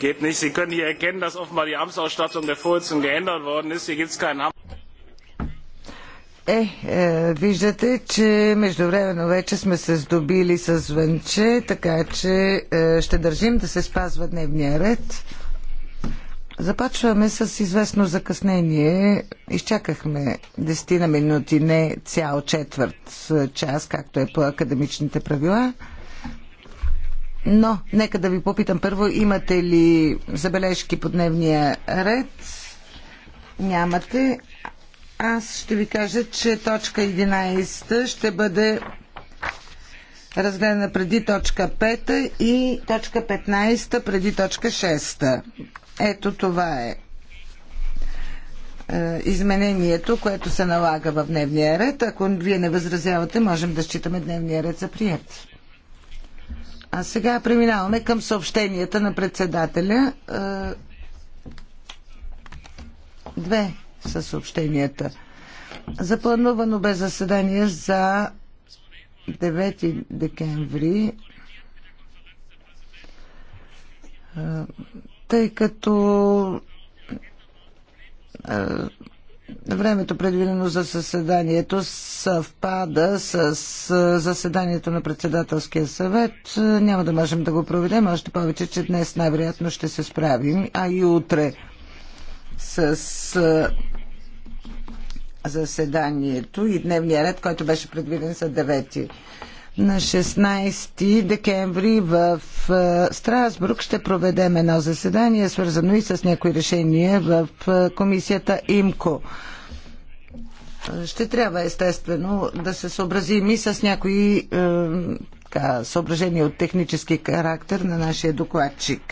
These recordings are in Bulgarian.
Geht nicht. Sie können hier erkennen, dass offenbar die Amtsausstattung der Vorsitzenden geändert worden ist. Hier gibt es keinen Amts. Е, е, виждате, че междувременно вече сме се здобили с звънче, така че е, ще държим да се спазва дневния ред. Започваме с известно закъснение. Изчакахме 10 на минути, не цял четвърт е, час, както е по академичните правила. Но, нека да ви попитам първо, имате ли забележки по дневния ред? Нямате. Аз ще ви кажа, че точка 11 ще бъде разгледана преди точка 5 и точка 15 преди точка 6. Ето това е, е изменението, което се налага в дневния ред. Ако вие не възразявате, можем да считаме дневния ред за приятел. А сега преминаваме към съобщенията на председателя. Е, две са съобщенията. Заплановано бе заседание за 9 декември е, тъй като е, Времето предвидено за съседанието съвпада с заседанието на председателския съвет. Няма да можем да го проведем, още повече, че днес най-вероятно ще се справим, а и утре с заседанието и дневния ред, който беше предвиден за 9 на 16 декември в е, Страсбург ще проведем едно заседание, свързано и с някои решения в е, комисията ИМКО. Е, ще трябва естествено да се съобразим и с някои така, съображения от технически характер на нашия докладчик.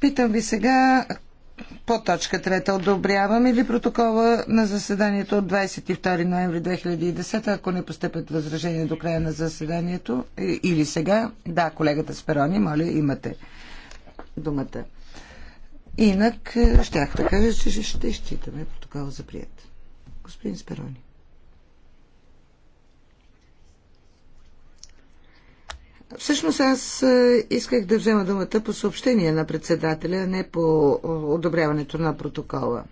Питам ви сега по точка трета одобряваме ли протокола на заседанието от 22 ноември 2010, ако не постъпят възражения до края на заседанието или сега? Да, колегата Сперони, моля, имате думата. Инак, щях да кажа, че ще изчитаме протокола за прият. Господин Сперони. Всъщност аз е, исках да взема думата по съобщение на председателя, а не по е, одобряването на протокола.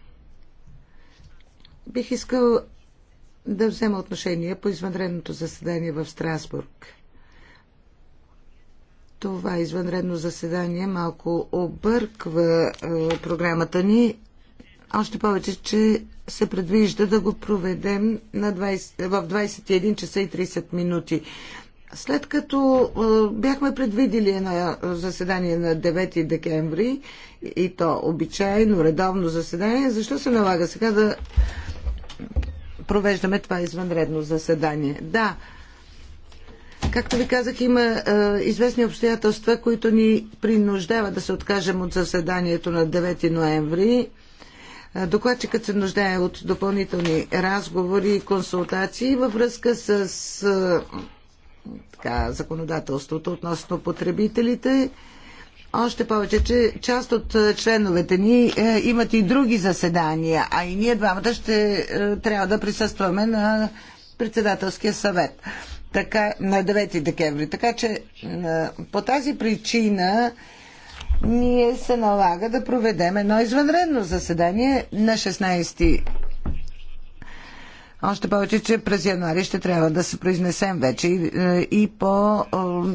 Бих искал да взема отношение по извънредното заседание в Страсбург. Това извънредно заседание малко обърква е, програмата ни, още повече, че се предвижда да го проведем на 20, в 21 часа и 30 минути. След като бяхме предвидили едно заседание на 9 декември и то обичайно, редовно заседание, защо се налага сега да провеждаме това извънредно заседание? Да, Както ви казах, има а, известни обстоятелства, които ни принуждават да се откажем от заседанието на 9 ноември. Докладчикът се нуждае от допълнителни разговори и консултации във връзка с така, законодателството относно потребителите. Още повече, че част от е, членовете ни е, имат и други заседания, а и ние двамата ще е, трябва да присъстваме на председателския съвет така, на 9 декември. Така че е, по тази причина ние се налага да проведем едно извънредно заседание на 16 още повече, че през януари ще трябва да се произнесем вече и, е, и по е,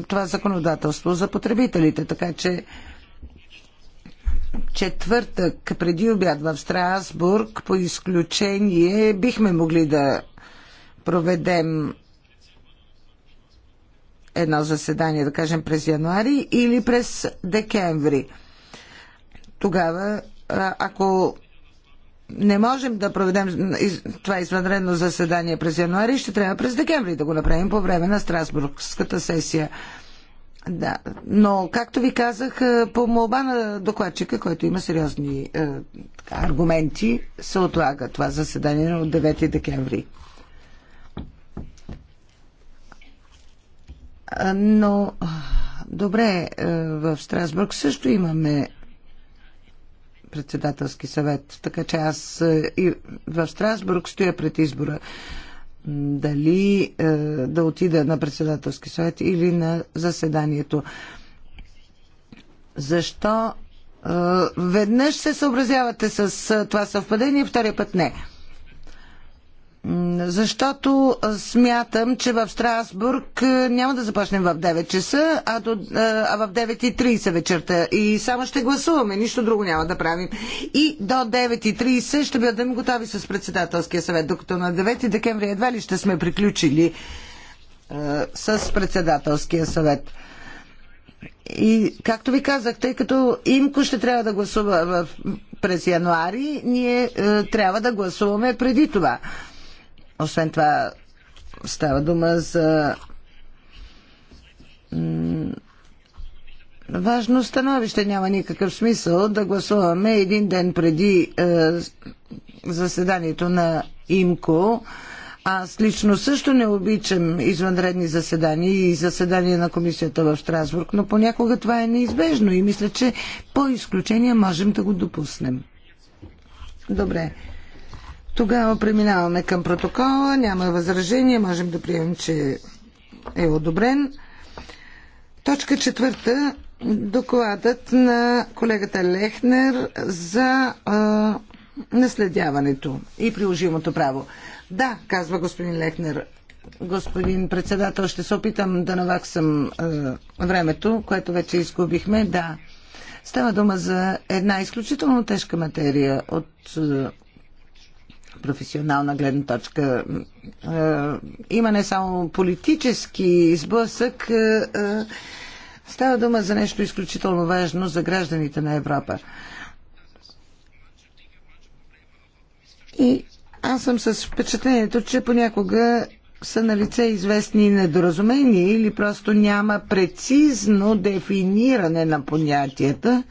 това законодателство за потребителите. Така че четвъртък преди обяд в Страсбург по изключение бихме могли да проведем едно заседание, да кажем през януари или през декември. Тогава, ако не можем да проведем това извънредно заседание през януари, ще трябва през декември да го направим по време на Страсбургската сесия. Да, но както ви казах, е, по молба на докладчика, който има сериозни е, така, аргументи, се отлага това заседание от 9 декември. Но добре, е, в Страсбург също имаме председателски съвет. Така че аз е, и в Страсбург стоя пред избора дали е, да отида на председателски съвет или на заседанието. Защо е, веднъж се съобразявате с е, това съвпадение, втория път не? Защото смятам, че в Страсбург няма да започнем в 9 часа, а, до, а в 9.30 вечерта. И само ще гласуваме, нищо друго няма да правим. И до 9.30 ще бъдем готови с председателския съвет, докато на 9 декември едва ли ще сме приключили а, с председателския съвет. И както ви казах, тъй като Имко ще трябва да гласува в, през януари, ние е, трябва да гласуваме преди това. Освен това, става дума за важно становище. Няма никакъв смисъл да гласуваме един ден преди е, заседанието на ИМКО. Аз лично също не обичам извънредни заседания и заседания на комисията в Страсбург, но понякога това е неизбежно и мисля, че по изключение можем да го допуснем. Добре. Тогава преминаваме към протокола. Няма възражение. Можем да приемем, че е одобрен. Точка четвърта. Докладът на колегата Лехнер за а, наследяването и приложимото право. Да, казва господин Лехнер. Господин председател, ще се опитам да наваксам а, времето, което вече изгубихме. Да. Става дума за една изключително тежка материя, от професионална гледна точка. Е, има не само политически сблъсък, е, е, става дума за нещо изключително важно за гражданите на Европа. И аз съм с впечатлението, че понякога са на лице известни недоразумения или просто няма прецизно дефиниране на понятията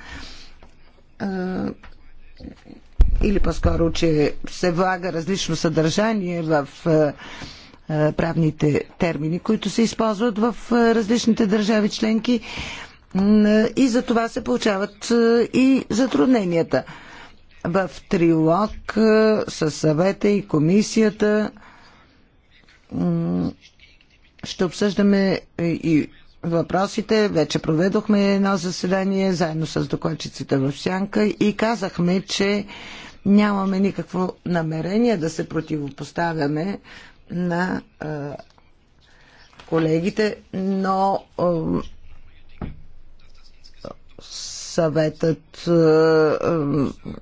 или по-скоро, че се влага различно съдържание в е, е, правните термини, които се използват в е, различните държави членки и за това се получават и затрудненията. В трилог със съвета и комисията ще обсъждаме и въпросите. Вече проведохме едно заседание заедно с докладчиците в Сянка и казахме, че нямаме никакво намерение да се противопоставяме на колегите, но съветът е,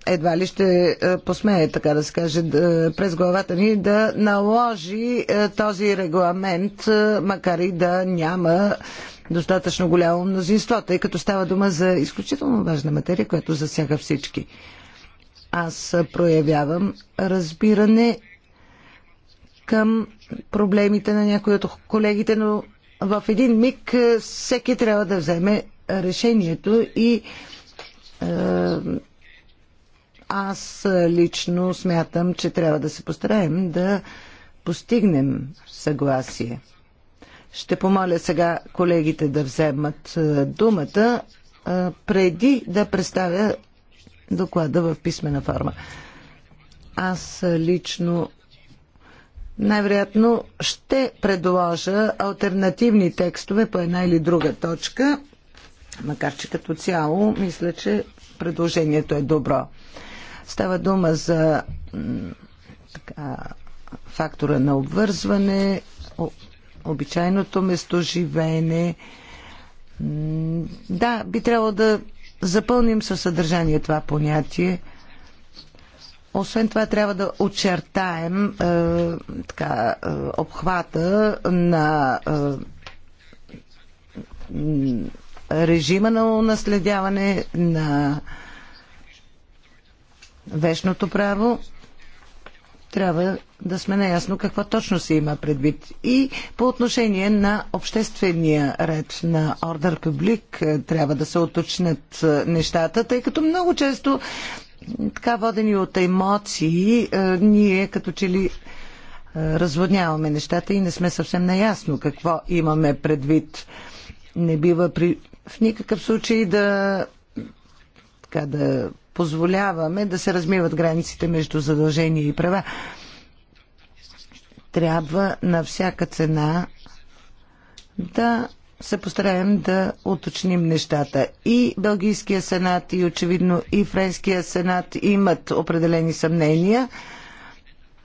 е, едва ли ще е, посмее, така да се каже, през главата ни да наложи този регламент, макар и да няма достатъчно голямо мнозинство, тъй като става дума за изключително важна материя, която засяга всички. Аз проявявам разбиране към проблемите на някои от колегите, но в един миг всеки трябва да вземе решението и е, аз лично смятам, че трябва да се постараем да постигнем съгласие. Ще помоля сега колегите да вземат е, думата е, преди да представя доклада в писмена форма. Аз лично най-вероятно ще предложа альтернативни текстове по една или друга точка Макар, че като цяло мисля, че предложението е добро. Става дума за така, фактора на обвързване, обичайното местоживеене. Да, би трябвало да запълним със съдържание това понятие. Освен това, трябва да очертаем е, така, е, обхвата на е, режима на унаследяване, на вечното право, трябва да сме наясно какво точно се има предвид. И по отношение на обществения ред на Ордер Публик трябва да се оточнят е, нещата, тъй като много често така водени от емоции, е, ние като че ли е, разводняваме нещата и не сме съвсем наясно какво имаме предвид. Не бива при в никакъв случай да, така, да позволяваме да се размиват границите между задължения и права. Трябва на всяка цена да се постараем да уточним нещата. И Белгийския сенат, и очевидно и Френския сенат имат определени съмнения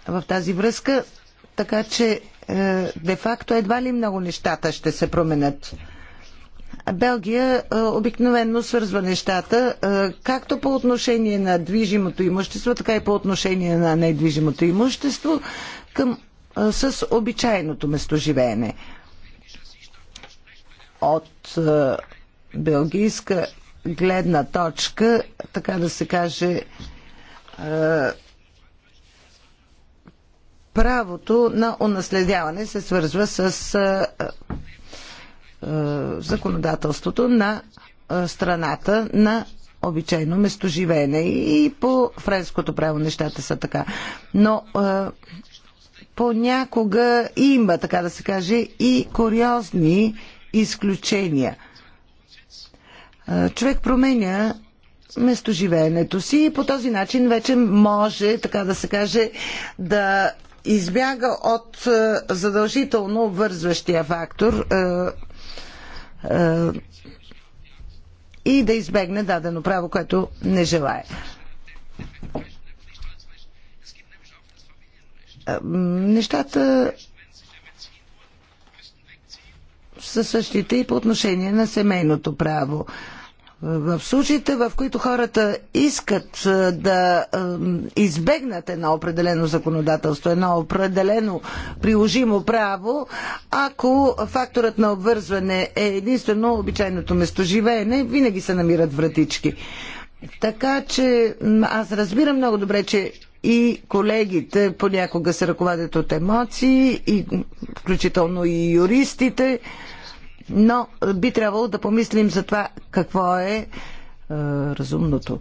в тази връзка, така че е, де-факто едва ли много нещата ще се променят. Белгия е, обикновенно свързва нещата е, както по отношение на движимото имущество, така и по отношение на недвижимото имущество към, е, с обичайното местоживеене. От белгийска гледна точка, така да се каже, правото на унаследяване се свързва с е, законодателството на е, страната на обичайно местоживеене. И по френското право нещата са така. Но е, понякога има, така да се каже, и куриозни изключения. Човек променя местоживеенето си и по този начин вече може, така да се каже, да избяга от задължително вързващия фактор е, и да избегне дадено право, което не желая. Е, нещата са същите и по отношение на семейното право. В случаите, в които хората искат да избегнат едно определено законодателство, едно определено приложимо право, ако факторът на обвързване е единствено обичайното местоживеене, винаги се намират вратички. Така че аз разбирам много добре, че и колегите понякога се ръководят от емоции, и, включително и юристите но би трябвало да помислим за това какво е, е разумното.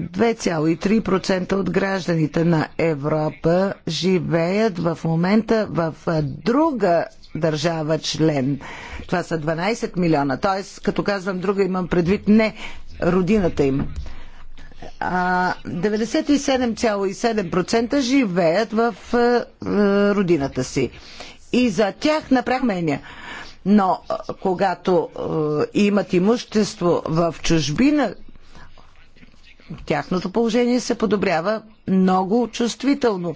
2,3% от гражданите на Европа живеят в момента в е, друга държава член. Това са 12 милиона. Т.е. като казвам друга, имам предвид не родината им. 97,7% живеят в е, е, родината си и за тях направления. Но когато е, имат имущество в чужбина, тяхното положение се подобрява много чувствително,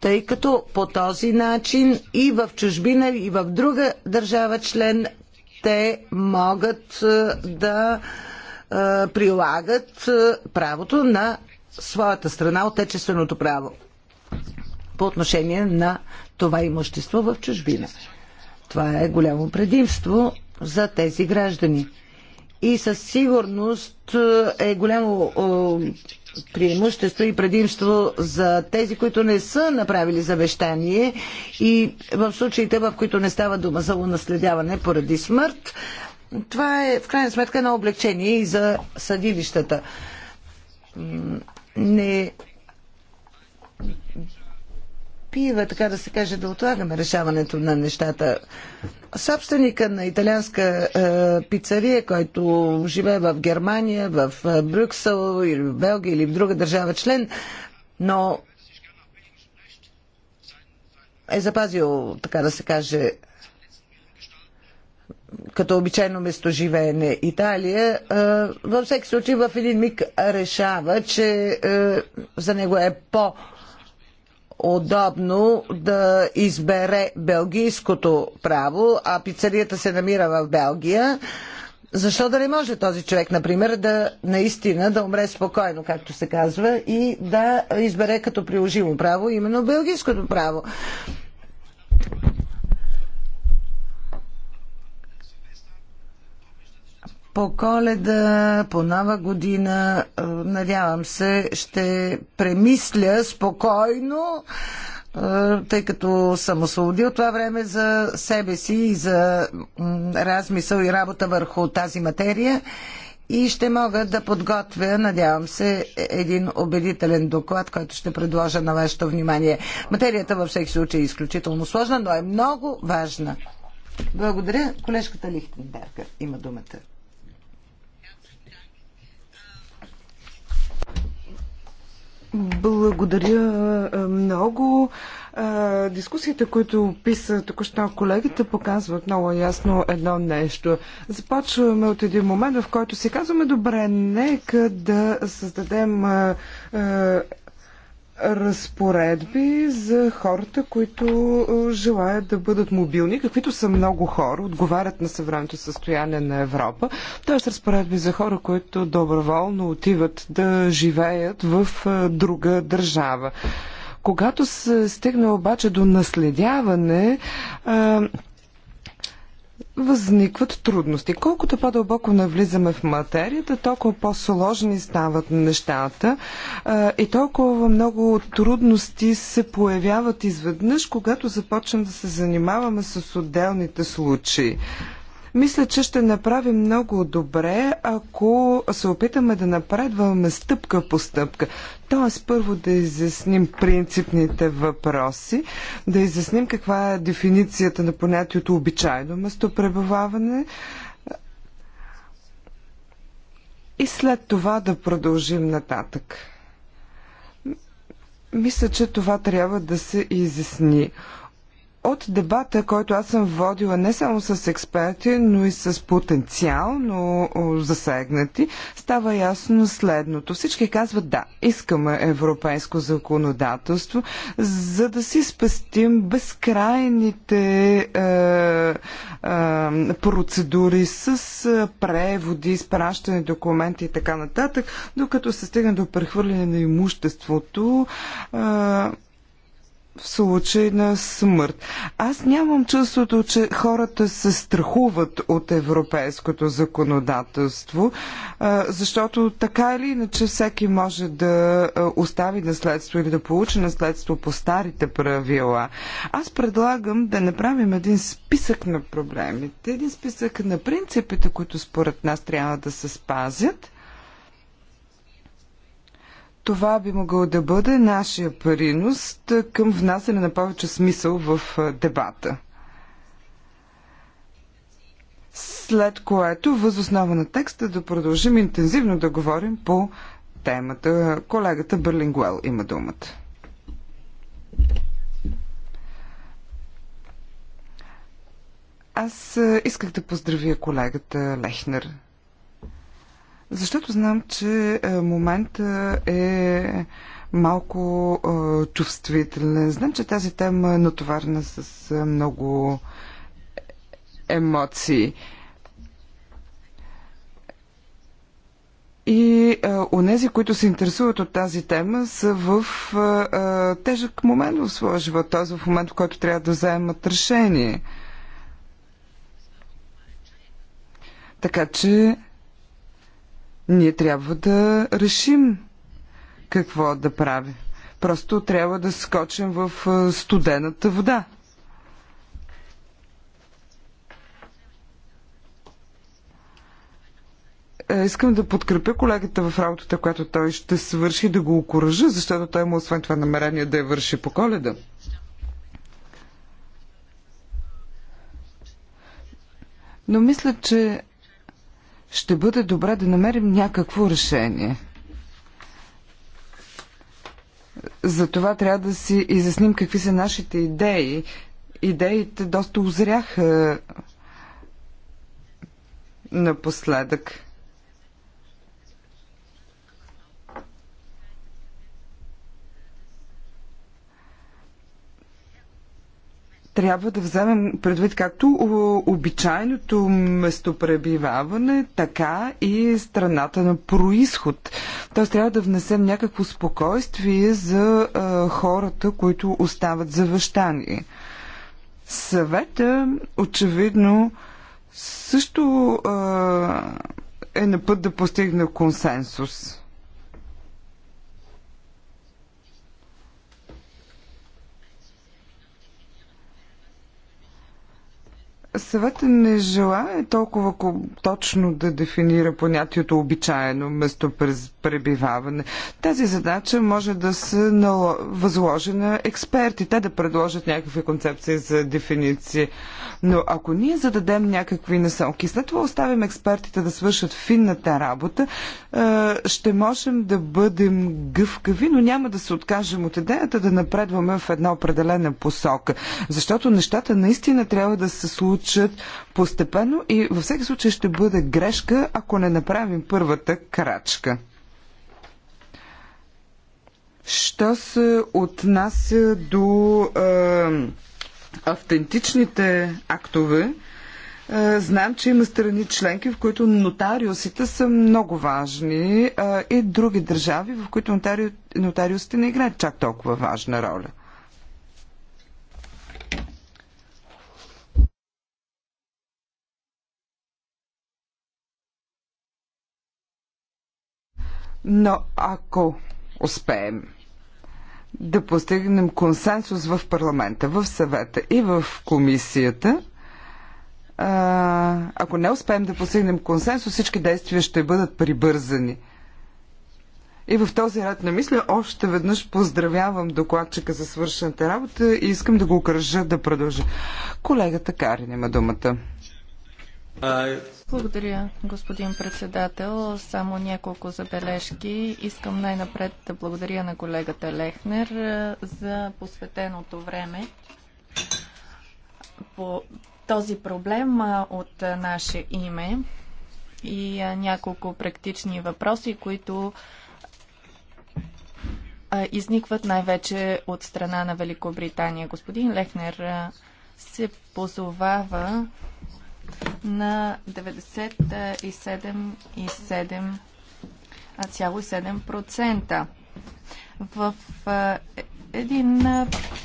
тъй като по този начин и в чужбина, и в друга държава член те могат да прилагат правото на своята страна, отечественото право по отношение на това имущество в чужбина. Това е голямо предимство за тези граждани. И със сигурност е голямо преимущество и предимство за тези, които не са направили завещание и в случаите, в които не става дума за унаследяване поради смърт, това е в крайна сметка едно облегчение и за съдилищата. Не бива, така да се каже, да отлагаме решаването на нещата. Собственика на италианска е, пицария, който живее в Германия, в е, Брюксел или в Белгия или в друга държава член, но е запазил, така да се каже, като обичайно место живеене Италия, е, във всеки случай в един миг решава, че е, за него е по- удобно да избере белгийското право, а пицарията се намира в Белгия. Защо да не може този човек, например, да наистина да умре спокойно, както се казва, и да избере като приложимо право именно белгийското право? по коледа, по нова година, е, надявам се, ще премисля спокойно, е, тъй като съм освободил това време за себе си и за размисъл и работа върху тази материя и ще мога да подготвя, надявам се, е, един убедителен доклад, който ще предложа на вашето внимание. Материята във всеки случай е изключително сложна, но е много важна. Благодаря. Колежката Лихтенбергер има думата. Благодаря е, много. Е, Дискусията, които описа току-що колегите, показват много ясно едно нещо. Започваме от един момент, в който си казваме, добре, нека да създадем е, разпоредби за хората, които е, желаят да бъдат мобилни, каквито са много хора, отговарят на съвременното състояние на Европа. т.е. разпоредби за хора, които доброволно отиват да живеят в е, друга държава. Когато се стигне обаче до наследяване, е, възникват трудности. Колкото по-дълбоко навлизаме в материята, толкова по-сложни стават нещата а, и толкова много трудности се появяват изведнъж, когато започнем да се занимаваме с отделните случаи. Мисля, че ще направим много добре, ако се опитаме да напредваме стъпка по стъпка. Тоест, първо да изясним принципните въпроси, да изясним каква е дефиницията на понятието обичайно местопребиваване, и след това да продължим нататък. Мисля, че това трябва да се изясни от дебата, който аз съм водила не само с експерти, но и с потенциално засегнати, става ясно следното. Всички казват да, искаме европейско законодателство, за да си спестим безкрайните е, е, процедури с е, преводи, изпращане документи и така нататък, докато се стигне до прехвърляне на имуществото. Е, в случай на смърт. Аз нямам чувството, че хората се страхуват от европейското законодателство, защото така или иначе всеки може да остави наследство или да получи наследство по старите правила. Аз предлагам да направим един списък на проблемите, един списък на принципите, които според нас трябва да се спазят това би могъл да бъде нашия принос към внасяне на повече смисъл в дебата. След което, възоснова на текста, да продължим интензивно да говорим по темата. Колегата Берлингуел има думата. Аз исках да поздравя колегата Лехнер защото знам, че е, момента е малко а, е, чувствителен. Знам, че тази тема е натоварна с а, е, много емоции. И онези, които се интересуват от тази тема, са в а, а, тежък момент в своя живот, т.е. в момент, в който трябва да вземат решение. Така че ние трябва да решим какво да правим. Просто трябва да скочим в студената вода. Е, искам да подкрепя колегата в работата, която той ще свърши, да го окоръжа, защото той има освен това намерение да я върши по коледа. Но мисля, че ще бъде добре да намерим някакво решение. За това трябва да си изясним какви са нашите идеи. Идеите доста озряха напоследък. трябва да вземем предвид както обичайното местопребиваване, така и страната на происход. Тоест трябва да внесем някакво спокойствие за а, хората, които остават завещани. Съвета, очевидно, също а, е на път да постигне консенсус. Съветът не желая толкова точно да дефинира понятието обичайно место през пребиваване. Тази задача може да се възложи на експерти. Те да предложат някакви концепции за дефиниции. Но ако ние зададем някакви насоки, след това оставим експертите да свършат финната работа, е, ще можем да бъдем гъвкави, но няма да се откажем от идеята да напредваме в една определена посока. Защото нещата наистина трябва да се случат учат постепенно и във всеки случай ще бъде грешка, ако не направим първата крачка. Що се отнася до е, автентичните актове, е, знам, че има страни членки, в които нотариусите са много важни е, и други държави, в които нотари... нотариусите не играят чак толкова важна роля. Но ако успеем да постигнем консенсус в парламента, в съвета и в комисията, ако не успеем да постигнем консенсус, всички действия ще бъдат прибързани. И в този ред на мисля още веднъж поздравявам докладчика за свършената работа и искам да го окръжа да продължа. Колегата Карин има думата. Благодаря, господин председател. Само няколко забележки. Искам най-напред да благодаря на колегата Лехнер за посветеното време по този проблем от наше име и няколко практични въпроси, които изникват най-вече от страна на Великобритания. Господин Лехнер се позовава на 97,7%. В един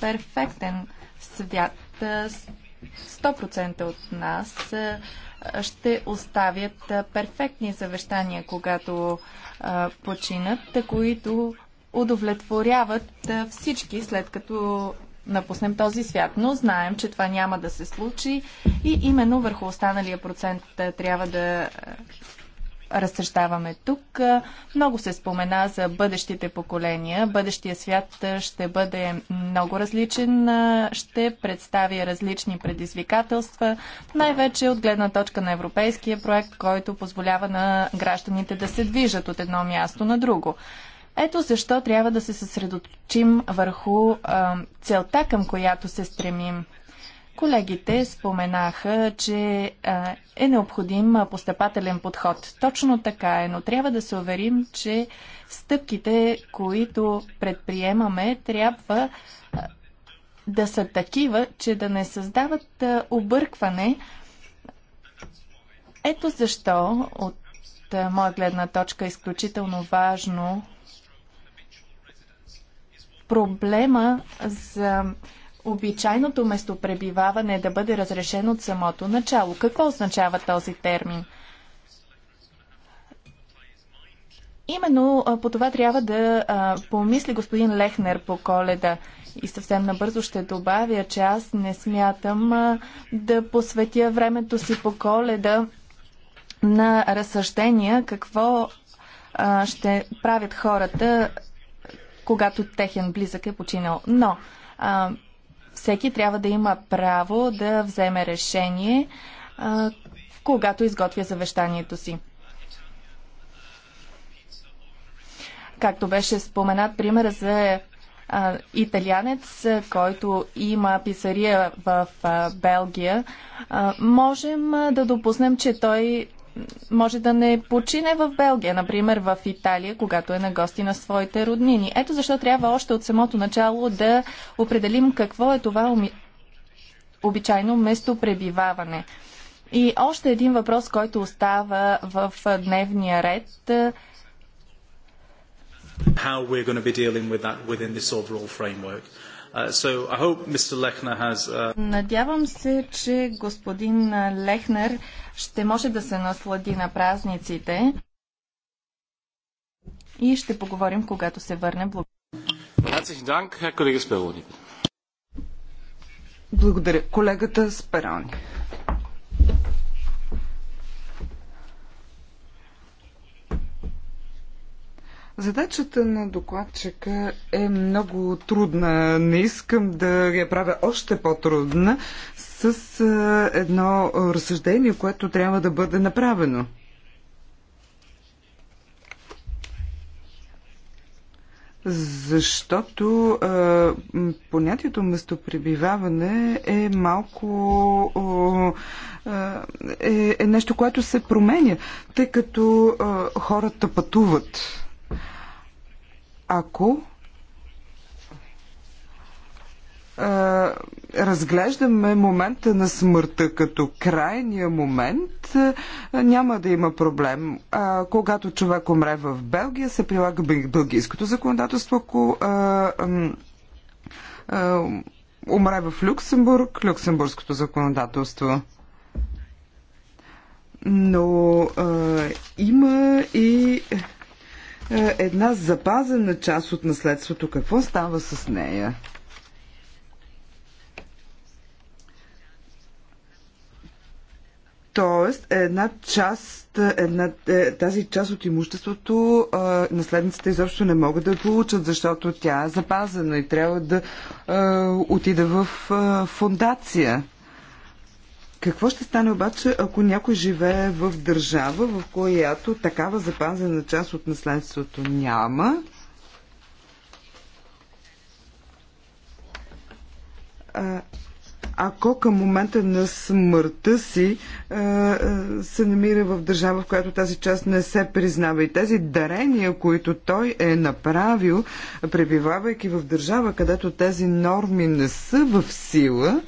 перфектен свят 100% от нас ще оставят перфектни завещания, когато починат, които удовлетворяват всички, след като напуснем този свят. Но знаем, че това няма да се случи и именно върху останалия процент е, трябва да е, разсъщаваме тук. Е, много се спомена за бъдещите поколения. Бъдещия свят ще бъде много различен, ще представи различни предизвикателства, най-вече от гледна точка на европейския проект, който позволява на гражданите да се движат от едно място на друго. Ето защо трябва да се съсредоточим върху а, целта, към която се стремим. Колегите споменаха, че а, е необходим постъпателен подход. Точно така е, но трябва да се уверим, че стъпките, които предприемаме, трябва а, да са такива, че да не създават а, объркване. Ето защо от моя гледна точка е изключително важно проблема за обичайното местопребиваване да бъде разрешен от самото начало. Какво означава този термин? Именно по това трябва да помисли господин Лехнер по коледа. И съвсем набързо ще добавя, че аз не смятам да посветя времето си по коледа на разсъждения какво ще правят хората когато техен близък е починал. Но а, всеки трябва да има право да вземе решение, а, когато изготвя завещанието си. Както беше споменат пример за а, италянец, който има писария в а, Белгия, а, можем да допуснем, че той може да не почине в Белгия, например в Италия, когато е на гости на своите роднини. Ето защо трябва още от самото начало да определим какво е това уми... обичайно местопребиваване. И още един въпрос, който остава в дневния ред. How we're going to be dealing with that within this overall framework. Uh, uh, Надявам се, че господин Лехнер ще може да се наслади на празниците и ще поговорим, когато се върне. Благодаря. Благодаря. Колегата Сперони. Задачата на докладчика е много трудна. Не искам да я правя още по-трудна с едно разсъждение, което трябва да бъде направено. Защото е, понятието местопребиваване е малко. е, е нещо, което се променя, тъй като е, хората пътуват. Ако разглеждаме момента на смъртта като крайния момент, няма да има проблем. А, когато човек умре в Белгия, се прилага бългийското законодателство. Ако умре в Люксембург, люксембургското законодателство. Но а, има и. Е, една запазена част от наследството. Какво става с нея? Тоест, една част, една, е, тази част от имуществото а, е, наследниците изобщо не могат да получат, защото тя е запазена и трябва да а, отиде в а, фундация. Какво ще стане обаче, ако някой живее в държава, в която такава запазена част от наследството няма? А, ако към момента на смъртта си се намира в държава, в която тази част не се признава. И тези дарения, които той е направил, пребивавайки в държава, където тези норми не са в сила,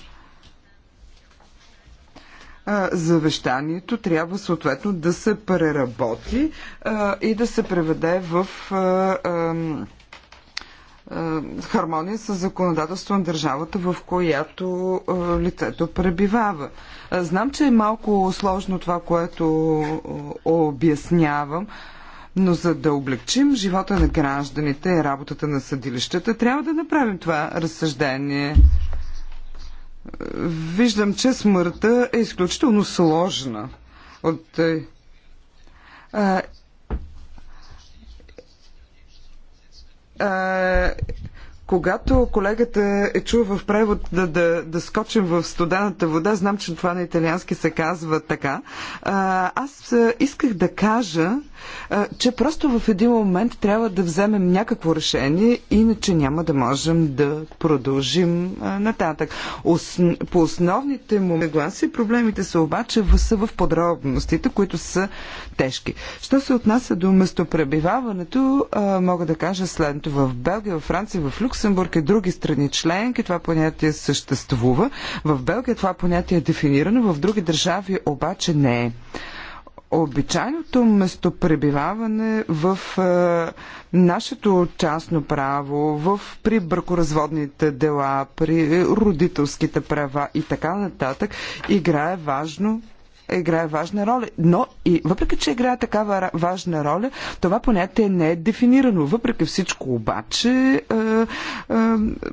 завещанието трябва съответно да се преработи и да се преведе в хармония с законодателство на държавата, в която лицето пребивава. Знам, че е малко сложно това, което обяснявам, но за да облегчим живота на гражданите и работата на съдилищата, трябва да направим това разсъждение виждам, че смъртта е изключително сложна. От, е, а, а, когато колегата е чул в превод да, да, да скочим в студената вода, знам, че това на италиански се казва така. Аз исках да кажа, че просто в един момент трябва да вземем някакво решение, иначе няма да можем да продължим нататък. По основните му гласи проблемите са обаче са в подробностите, които са тежки. Що се отнася до местопребиваването, мога да кажа следното. В Белгия, в Франция, в Люкс Люксембург и други страни членки това понятие съществува. В Белгия това понятие е дефинирано, в други държави обаче не е. Обичайното местопребиваване в е, нашето частно право, в, при бракоразводните дела, при родителските права и така нататък, играе важно играе важна роля. Но и въпреки, че играе такава важна роля, това понятие не е дефинирано. Въпреки всичко обаче е, е,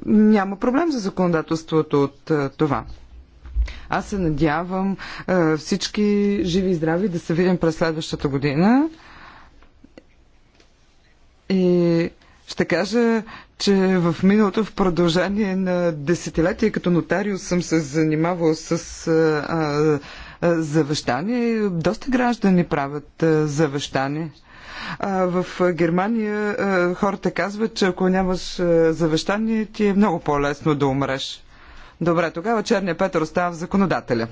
няма проблем за законодателството от е, това. Аз се надявам е, всички живи и здрави да се видим през следващата година. И ще кажа, че в миналото, в продължение на десетилетия като нотариус съм се занимавал с е, е завещание. Доста граждани правят завещание. В Германия хората казват, че ако нямаш завещание, ти е много по-лесно да умреш. Добре, тогава Черния Петър остава в законодателя.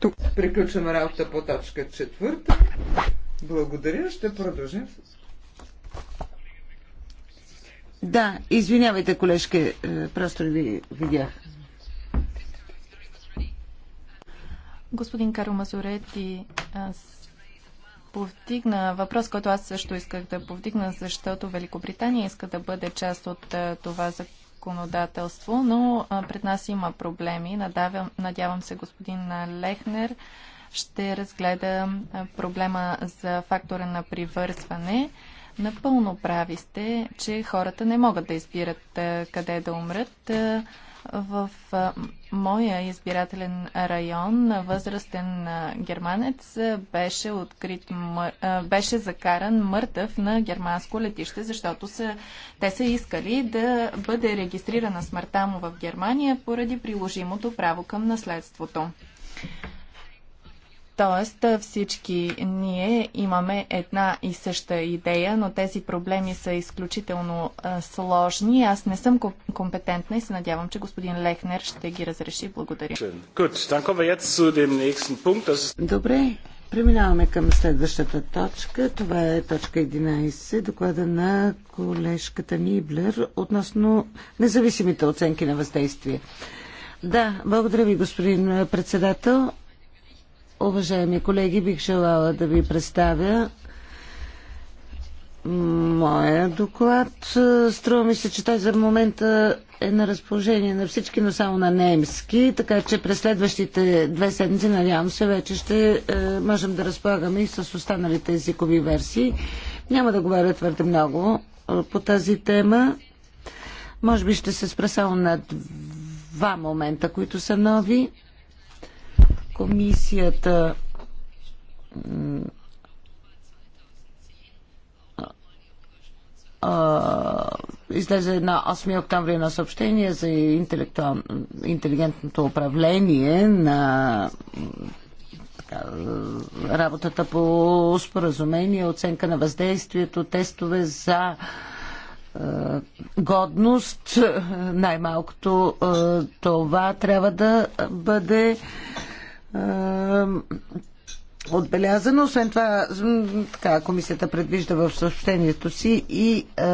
Тук приключваме работа по точка четвърта. Благодаря, ще продължим. Да, извинявайте, колежки, е, просто ви видях. Господин Карл Мазурети повдигна въпрос, който аз също исках да повдигна, защото Великобритания иска да бъде част от това законодателство, но пред нас има проблеми. Надавам, надявам се господин Лехнер ще разгледа проблема за фактора на привързване Напълно прави сте, че хората не могат да избират къде да умрат. В моя избирателен район възрастен германец беше, открит, беше закаран мъртъв на германско летище, защото са, те са искали да бъде регистрирана смъртта му в Германия поради приложимото право към наследството. Тоест всички ние имаме една и съща идея, но тези проблеми са изключително а, сложни. Аз не съм компетентна и се надявам, че господин Лехнер ще ги разреши. Благодаря. Добре, преминаваме към следващата точка. Това е точка 11, доклада на колежката Ниблер относно независимите оценки на въздействие. Да, благодаря ви, господин председател. Уважаеми колеги, бих желала да ви представя моя доклад. Струва ми се, че той за момента е на разположение на всички, но само на немски, така че през следващите две седмици, надявам се, вече ще е, можем да разполагаме и с останалите езикови версии. Няма да говоря твърде много е, по тази тема. Може би ще се спра само на два момента, които са нови. Комисията излезе на 8 октомври на съобщение за интелигентното управление на така, работата по споразумение, оценка на въздействието, тестове за годност. Най-малкото това трябва да бъде отбелязано. Освен това, така, комисията предвижда в съобщението си и а,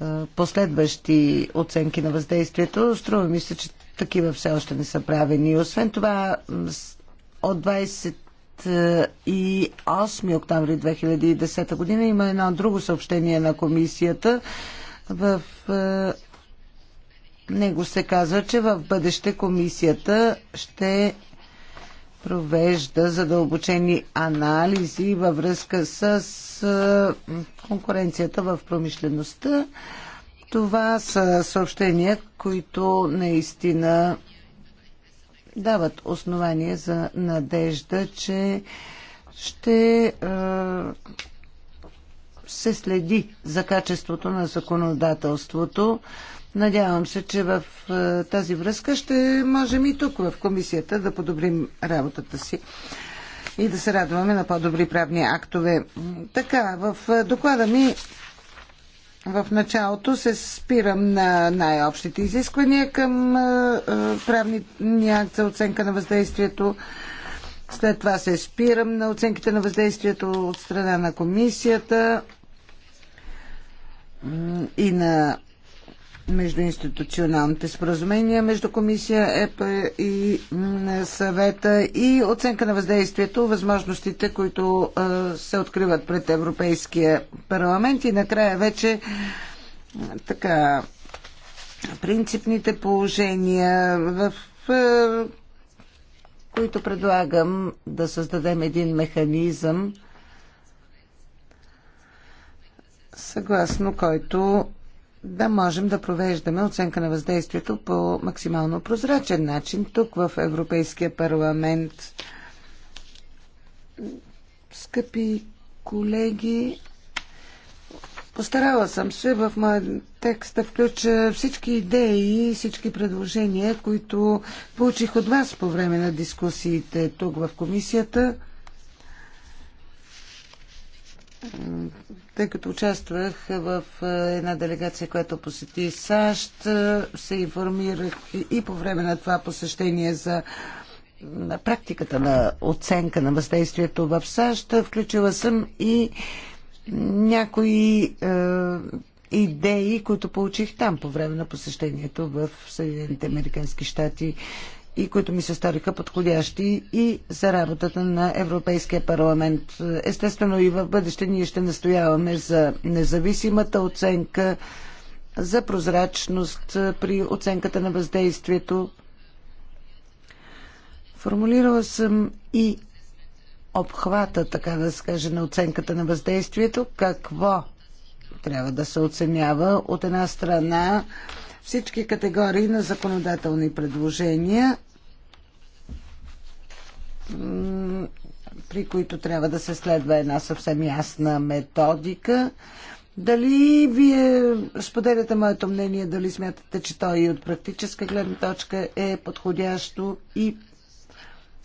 а, последващи оценки на въздействието. Струва ми се, че такива все още не са правени. Освен това, от 20 и 8 октомври 2010 година има едно друго съобщение на комисията в него се казва, че в бъдеще комисията ще провежда задълбочени анализи във връзка с конкуренцията в промишлеността. Това са съобщения, които наистина дават основание за надежда, че ще се следи за качеството на законодателството Надявам се, че в е, тази връзка ще можем и тук в комисията да подобрим работата си и да се радваме на по-добри правни актове. Така, в е, доклада ми в началото се спирам на най-общите изисквания към е, правния акт за оценка на въздействието. След това се спирам на оценките на въздействието от страна на комисията и на междуинституционалните споразумения между комисия ЕП и съвета и оценка на въздействието, възможностите, които се откриват пред Европейския парламент и накрая вече така принципните положения в които предлагам да създадем един механизъм, съгласно който да можем да провеждаме оценка на въздействието по максимално прозрачен начин тук в Европейския парламент. Скъпи колеги, постарала съм се в моя текст да включа всички идеи и всички предложения, които получих от вас по време на дискусиите тук в комисията тъй като участвах в е, една делегация, която посети САЩ, е, се информирах и по време на това посещение за на практиката на оценка на въздействието в САЩ. Включила съм и някои е, идеи, които получих там по време на посещението в Съединените Американски щати и които ми се сториха подходящи и за работата на Европейския парламент. Естествено и в бъдеще ние ще настояваме за независимата оценка, за прозрачност при оценката на въздействието. Формулирала съм и обхвата, така да се каже, на оценката на въздействието, какво трябва да се оценява от една страна всички категории на законодателни предложения, при които трябва да се следва една съвсем ясна методика. Дали вие споделяте моето мнение, дали смятате, че той и от практическа гледна точка е подходящо и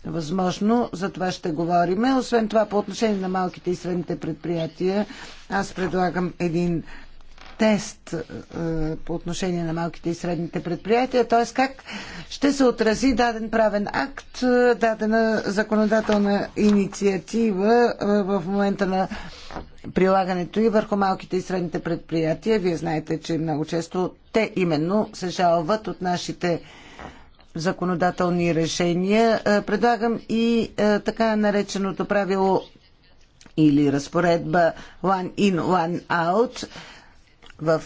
възможно. За това ще говорим. Освен това, по отношение на малките и средните предприятия, аз предлагам един тест е, по отношение на малките и средните предприятия, т.е. как ще се отрази даден правен акт, е, дадена законодателна инициатива е, в момента на прилагането и върху малките и средните предприятия. Вие знаете, че много често те именно се жалват от нашите законодателни решения. Предлагам и така нареченото правило или разпоредба One In, One Out – в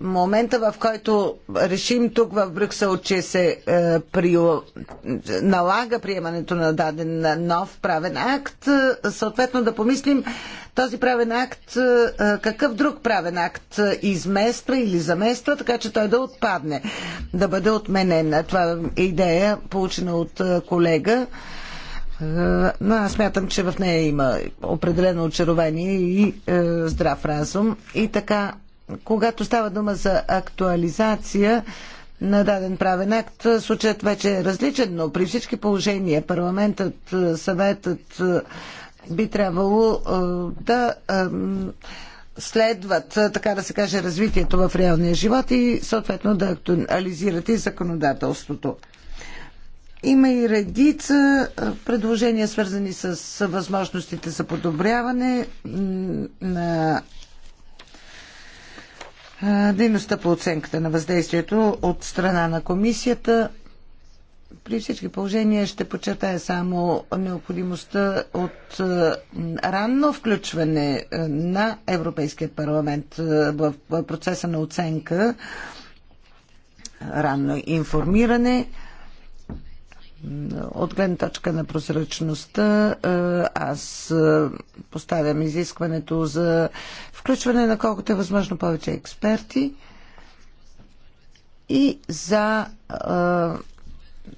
момента, в който решим тук в Брюксел, че се е, при, налага приемането на даден нов правен акт, е, съответно да помислим този правен акт, е, какъв друг правен акт измества или замества, така че той да отпадне, да бъде отменен. Това е идея, получена от е, колега. Е, но аз смятам, че в нея има определено очарование и е, здрав разум. И така когато става дума за актуализация на даден правен акт, случаят вече е различен, но при всички положения парламентът, съветът е, би трябвало е, да е, следват, така да се каже, развитието в реалния живот и съответно да актуализират и законодателството. Има и редица предложения, свързани с възможностите за подобряване на дейността по оценката на въздействието от страна на комисията. При всички положения ще почертая само необходимостта от ранно включване на Европейския парламент в процеса на оценка, ранно информиране от гледна точка на прозрачността, аз поставям изискването за включване на колкото е възможно повече експерти и за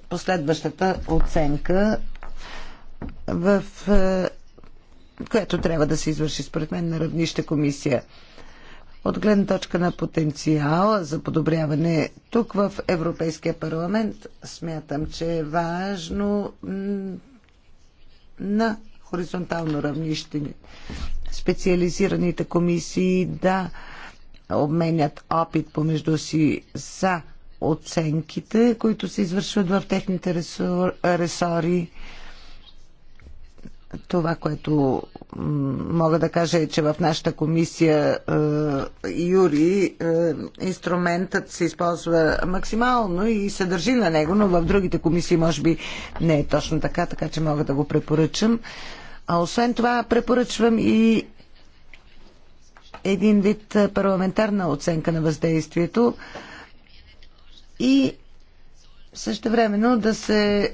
последващата оценка, в която трябва да се извърши според мен на равнище комисия от гледна точка на потенциала за подобряване тук в Европейския парламент, смятам, че е важно на хоризонтално равнище специализираните комисии да обменят опит помежду си за оценките, които се извършват в техните ресори това, което мога да кажа е, че в нашата комисия е, Юри е, инструментът се използва максимално и се държи на него, но в другите комисии може би не е точно така, така че мога да го препоръчам. А освен това препоръчвам и един вид парламентарна оценка на въздействието и също времено да се е,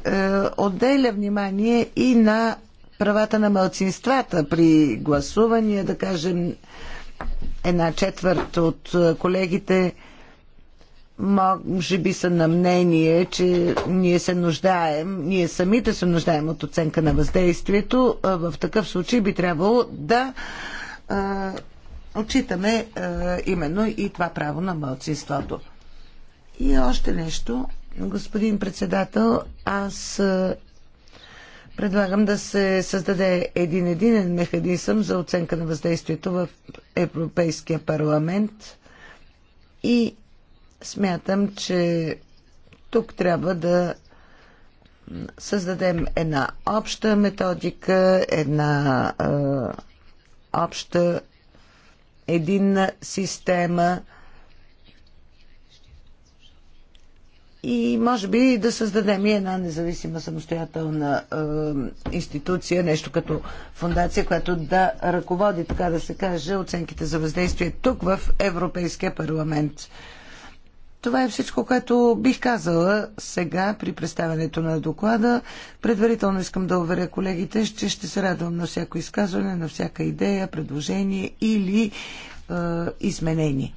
отделя внимание и на правата на мълцинствата при гласувания, да кажем, една четвърт от колегите може би са на мнение, че ние се нуждаем, ние самите се нуждаем от оценка на въздействието. В такъв случай би трябвало да а, отчитаме а, именно и това право на мълцинството. И още нещо, господин председател, аз Предлагам да се създаде един единен механизъм за оценка на въздействието в Европейския парламент и смятам, че тук трябва да създадем една обща методика, една е, обща единна система – и може би да създадем и една независима самостоятелна е, институция, нещо като фундация, която да ръководи, така да се каже, оценките за въздействие тук в Европейския парламент. Това е всичко, което бих казала сега при представянето на доклада. Предварително искам да уверя колегите, че ще се радвам на всяко изказване, на всяка идея, предложение или е, изменение.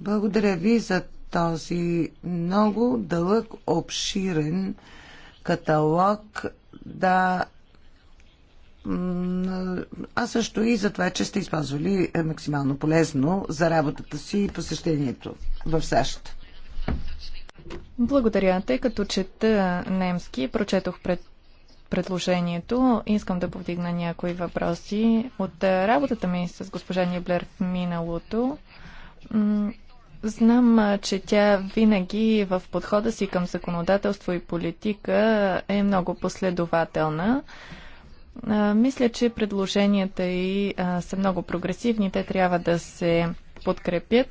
Благодаря ви за този много дълъг, обширен каталог да а също и за това, че сте използвали е, максимално полезно за работата си и посещението в САЩ. Благодаря. Тъй като чета немски, прочетох пред предложението, искам да повдигна някои въпроси. От работата ми с госпожа Ниблер в миналото Знам, че тя винаги в подхода си към законодателство и политика е много последователна. Мисля, че предложенията и са много прогресивни. Те трябва да се подкрепят.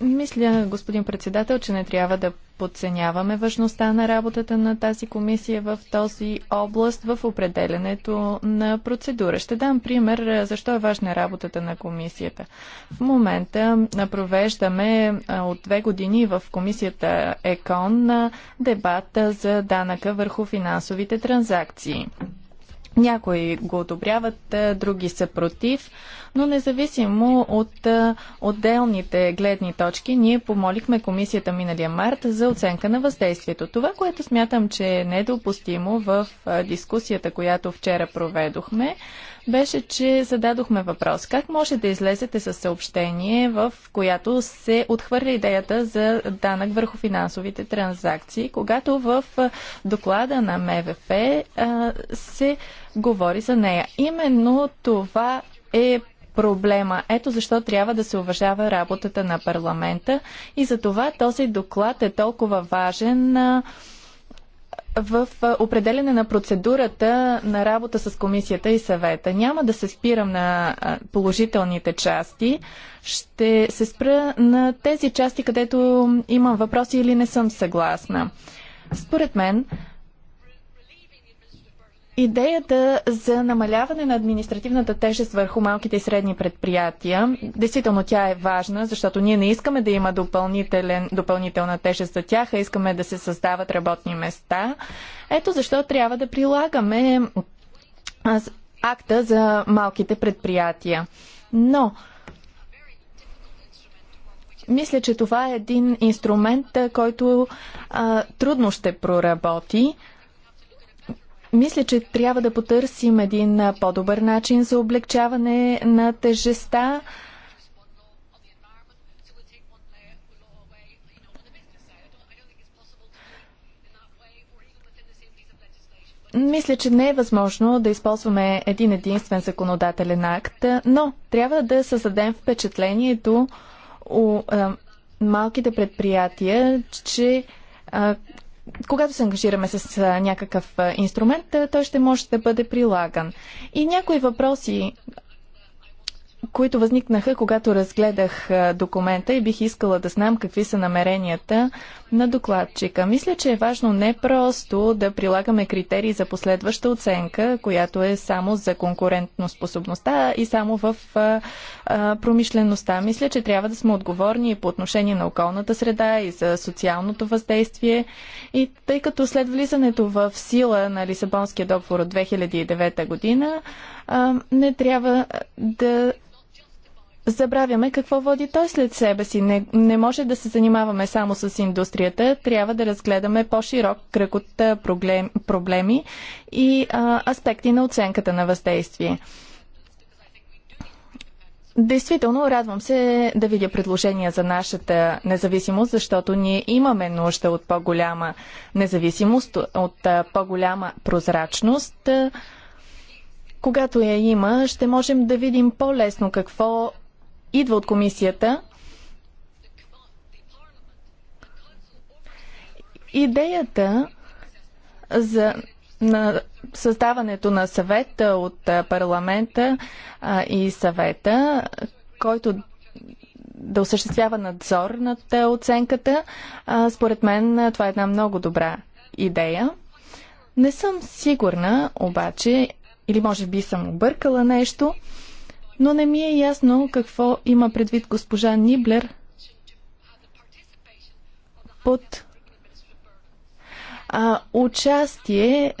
Мисля, господин председател, че не трябва да подценяваме важността на работата на тази комисия в този област в определенето на процедура. Ще дам пример защо е важна работата на комисията. В момента провеждаме от две години в комисията ЕКОН дебата за данъка върху финансовите транзакции. Някои го одобряват, други са против, но независимо от отделните гледни точки, ние помолихме комисията миналия март за оценка на въздействието. Това, което смятам, че е недопустимо в дискусията, която вчера проведохме, беше, че зададохме въпрос. Как може да излезете със съобщение, в която се отхвърля идеята за данък върху финансовите транзакции, когато в доклада на МВФ се говори за нея? Именно това е проблема. Ето защо трябва да се уважава работата на парламента и за това този доклад е толкова важен в определене на процедурата на работа с комисията и съвета. Няма да се спирам на положителните части. Ще се спра на тези части, където имам въпроси или не съм съгласна. Според мен, Идеята за намаляване на административната тежест върху малките и средни предприятия, действително тя е важна, защото ние не искаме да има допълнителна тежест за тях, а искаме да се създават работни места. Ето защо трябва да прилагаме акта за малките предприятия. Но, мисля, че това е един инструмент, който а, трудно ще проработи. Мисля, че трябва да потърсим един по-добър начин за облегчаване на тежеста. Мисля, че не е възможно да използваме един единствен законодателен акт, но трябва да създадем впечатлението у а, малките предприятия, че а, когато се ангажираме с някакъв инструмент, той ще може да бъде прилаган. И някои въпроси които възникнаха, когато разгледах документа и бих искала да знам какви са намеренията на докладчика. Мисля, че е важно не просто да прилагаме критерии за последваща оценка, която е само за конкурентноспособността и само в промишлеността. Мисля, че трябва да сме отговорни и по отношение на околната среда и за социалното въздействие. И тъй като след влизането в сила на Лисабонския договор от 2009 година, не трябва да забравяме какво води той след себе си. Не, не може да се занимаваме само с индустрията, трябва да разгледаме по-широк кръг от проблем, проблеми и а, аспекти на оценката на въздействие. Действително, радвам се да видя предложения за нашата независимост, защото ние имаме нужда от по-голяма независимост, от по-голяма прозрачност. Когато я има, ще можем да видим по-лесно какво идва от комисията. Идеята за на създаването на съвета от парламента а, и съвета, който да осъществява надзор над оценката, а, според мен това е една много добра идея. Не съм сигурна обаче или може би съм объркала нещо, но не ми е ясно какво има предвид госпожа Ниблер под а, участие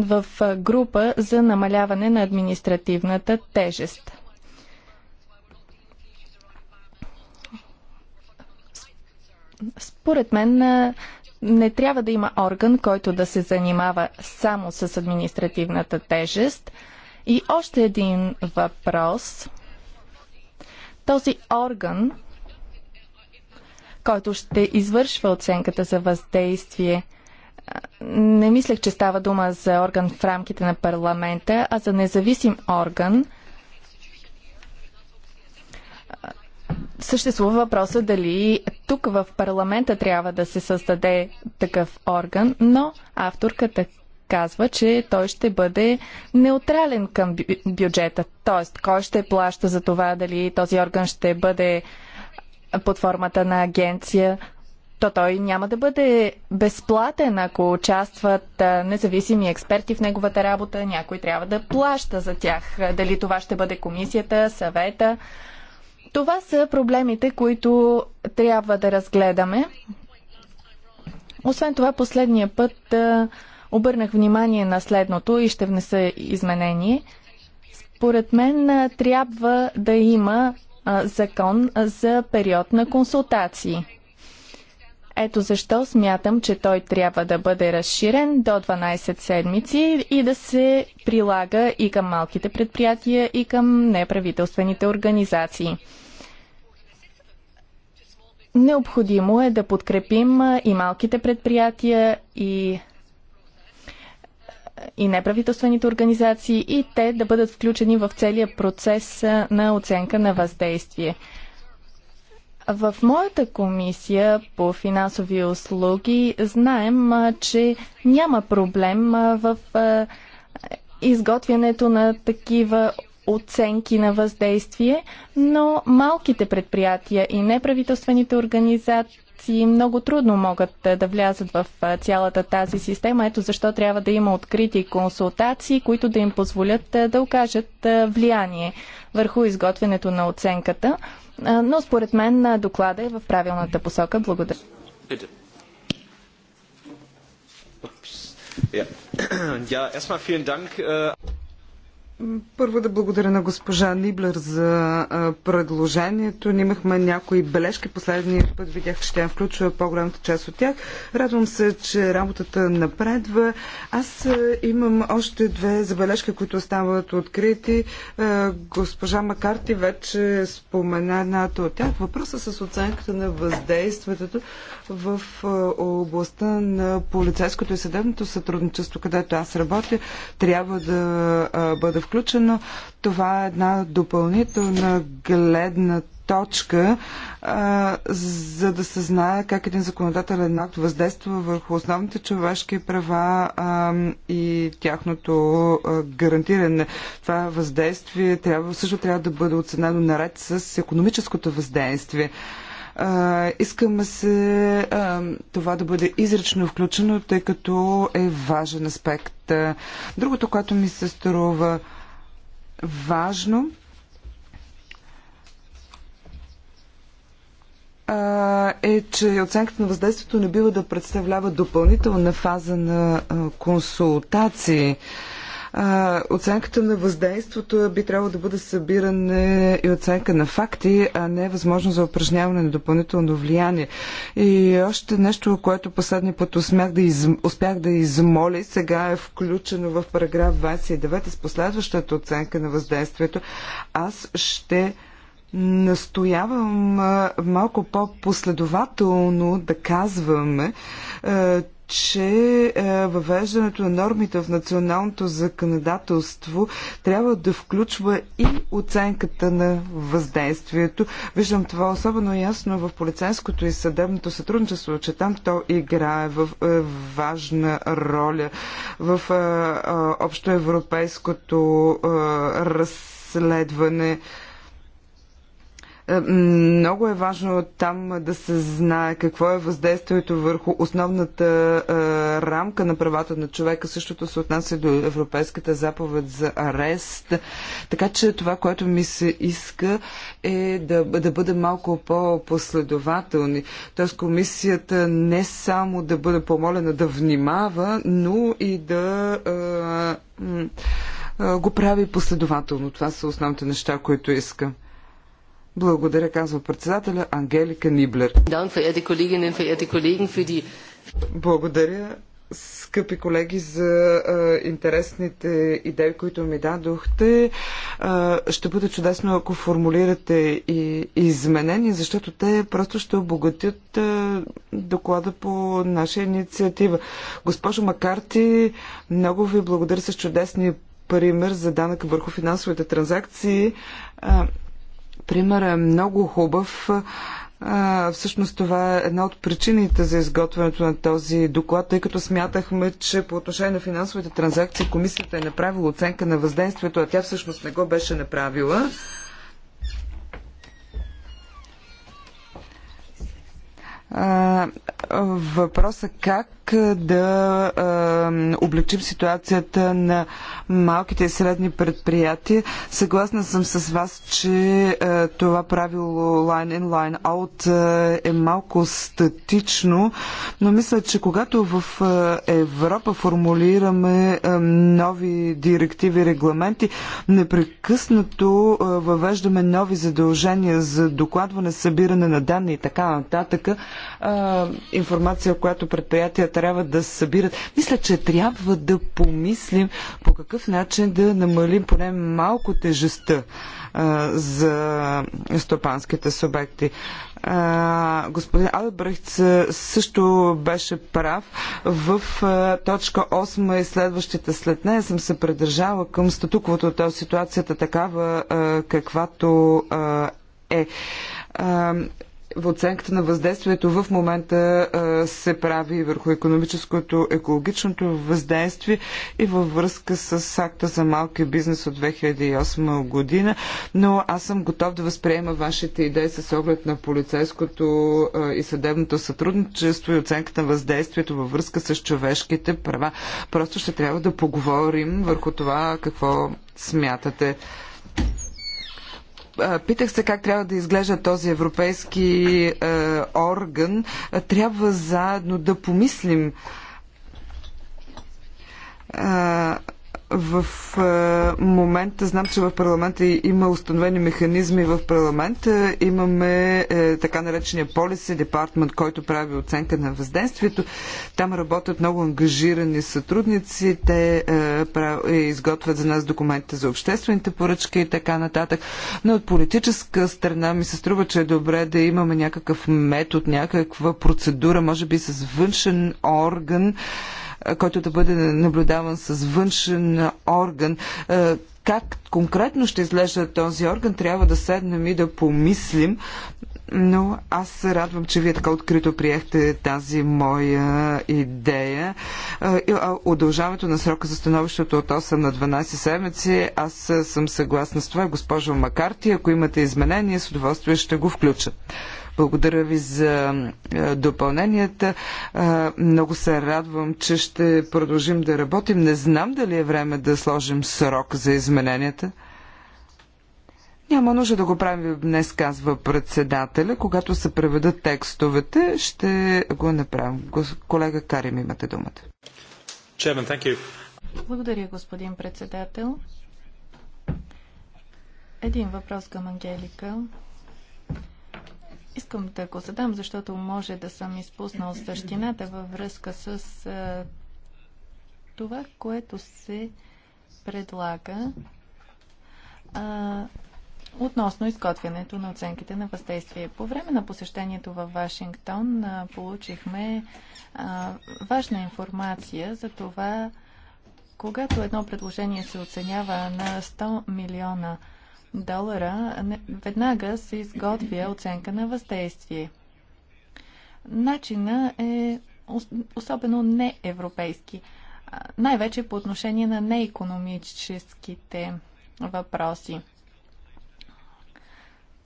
в група за намаляване на административната тежест. Според мен не трябва да има орган, който да се занимава само с административната тежест. И още един въпрос. Този орган, който ще извършва оценката за въздействие, не мислех, че става дума за орган в рамките на парламента, а за независим орган, съществува въпроса дали тук в парламента трябва да се създаде такъв орган, но авторката казва, че той ще бъде неутрален към бюджета. Тоест, кой ще плаща за това дали този орган ще бъде под формата на агенция, то той няма да бъде безплатен, ако участват независими експерти в неговата работа. Някой трябва да плаща за тях. Дали това ще бъде комисията, съвета. Това са проблемите, които трябва да разгледаме. Освен това, последния път обърнах внимание на следното и ще внеса изменение. Според мен трябва да има закон за период на консултации. Ето защо смятам, че той трябва да бъде разширен до 12 седмици и да се прилага и към малките предприятия, и към неправителствените организации. Необходимо е да подкрепим и малките предприятия, и, и неправителствените организации, и те да бъдат включени в целия процес на оценка на въздействие. В моята комисия по финансови услуги знаем, че няма проблем в изготвянето на такива оценки на въздействие, но малките предприятия и неправителствените организации много трудно могат е, да влязат в е, цялата тази система. Ето защо трябва да има открити консултации, които да им позволят е, да окажат влияние върху изготвянето на оценката. Но според мен доклада е в правилната посока. Благодаря. Ja, erstmal vielen Dank. Äh, първо да благодаря на госпожа Ниблер за предложението. Ние имахме някои бележки. Последния път видях, че тя включва по-голямата част от тях. Радвам се, че работата напредва. Аз имам още две забележки, които остават открити. Госпожа Макарти вече спомена едната от тях. Въпроса с оценката на въздействието в областта на полицейското и съдебното сътрудничество, където аз работя, трябва да бъде включен включено. Това е една допълнителна гледна точка, а, за да се знае как един законодателен акт въздейства върху основните човешки права а, и тяхното а, гарантиране. Това въздействие трябва, също трябва да бъде оценено наред с економическото въздействие. А, искаме се а, това да бъде изрично включено, тъй като е важен аспект. Другото, което ми се струва, а, важно е, че оценката на въздействието не бива да представлява допълнителна фаза на консултации. А, оценката на въздейството би трябвало да бъде събиране и оценка на факти, а не е възможно за упражняване на допълнително влияние. И още нещо, което последния път да, из... успях да измоля, сега е включено в параграф 29 с последващата оценка на въздействието. Аз ще настоявам малко по-последователно да казваме, че е, въвеждането на нормите в националното законодателство трябва да включва и оценката на въздействието. Виждам това особено ясно в полицейското и съдебното сътрудничество, че там то играе в е, важна роля в е, общоевропейското разследване. Е, много е важно там да се знае какво е въздействието върху основната е, рамка на правата на човека. Същото се отнася до Европейската заповед за арест. Така че това, което ми се иска е да, да бъде малко по-последователни. Тоест комисията не само да бъде помолена да внимава, но и да е, го прави последователно. Това са основните неща, които иска. Благодаря, казва председателя Ангелика Ниблер. Благодаря, скъпи колеги, за а, интересните идеи, които ми дадохте. А, ще бъде чудесно, ако формулирате и изменения, защото те просто ще обогатят а, доклада по наша инициатива. Госпожо Макарти, много ви благодаря с чудесния пример за данък върху финансовите транзакции. А, Пример е много хубав. Всъщност това е една от причините за изготвянето на този доклад, тъй като смятахме, че по отношение на финансовите транзакции комисията е направила оценка на въздействието, а тя всъщност не го беше направила. въпроса как да облегчим ситуацията на малките и средни предприятия. Съгласна съм с вас, че това правило line in, line out е малко статично, но мисля, че когато в Европа формулираме нови директиви, регламенти, непрекъснато въвеждаме нови задължения за докладване, събиране на данни и така нататък, а, информация, която предприятия трябва да събират. Мисля, че трябва да помислим по какъв начин да намалим поне малко тежестта а, за стопанските субекти. А, господин Албрехт също беше прав. В а, точка 8 и следващите след нея съм се придържала към статуквото, от ситуацията такава, а, каквато а, е. А, в оценката на въздействието в момента се прави върху економическото, екологичното въздействие и във връзка с акта за малки бизнес от 2008 година, но аз съм готов да възприема вашите идеи с оглед на полицейското и съдебното сътрудничество и оценката на въздействието във връзка с човешките права. Просто ще трябва да поговорим върху това какво смятате Питах се как трябва да изглежда този европейски орган. Трябва заедно да помислим в е, момента знам, че в парламента има установени механизми в парламента. Имаме е, така наречения полиси департмент, който прави оценка на въздействието. Там работят много ангажирани сътрудници. Те е, прав... Е, изготвят за нас документите за обществените поръчки и така нататък. Но от политическа страна ми се струва, че е добре да имаме някакъв метод, някаква процедура, може би с външен орган който да бъде наблюдаван с външен орган. Е, как конкретно ще изглежда този орган, трябва да седнем и да помислим. Но аз се радвам, че вие така открито приехте тази моя идея. Е, удължаването на срока за становището от 8 на 12 седмици, аз съм съгласна с това. Госпожо Макарти, ако имате изменения, с удоволствие ще го включа. Благодаря ви за е, допълненията. Е, много се радвам, че ще продължим да работим. Не знам дали е време да сложим срок за измененията. Няма нужда да го правим днес, казва председателя. Когато се преведат текстовете, ще го направим. Колега Карим, имате думата. Chairman, thank you. Благодаря, господин председател. Един въпрос към Ангелика. Искам да го задам, защото може да съм изпуснал същината във връзка с това, което се предлага а, относно изготвянето на оценките на въздействие. По време на посещението във Вашингтон а, получихме а, важна информация за това, когато едно предложение се оценява на 100 милиона долара, веднага се изготвя оценка на въздействие. Начина е особено неевропейски, най-вече по отношение на неекономическите въпроси.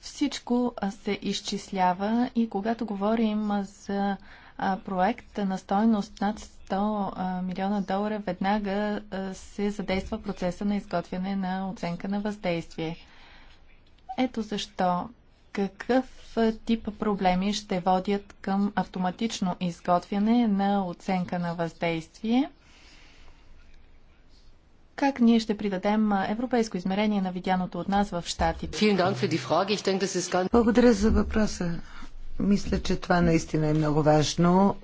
Всичко се изчислява и когато говорим за проект на стойност над 100 милиона долара, веднага се задейства процеса на изготвяне на оценка на въздействие. Ето защо какъв тип проблеми ще водят към автоматично изготвяне на оценка на въздействие? Как ние ще придадем европейско измерение на видяното от нас в Штатите? Благодаря за въпроса. Мисля, че това наистина е много важно.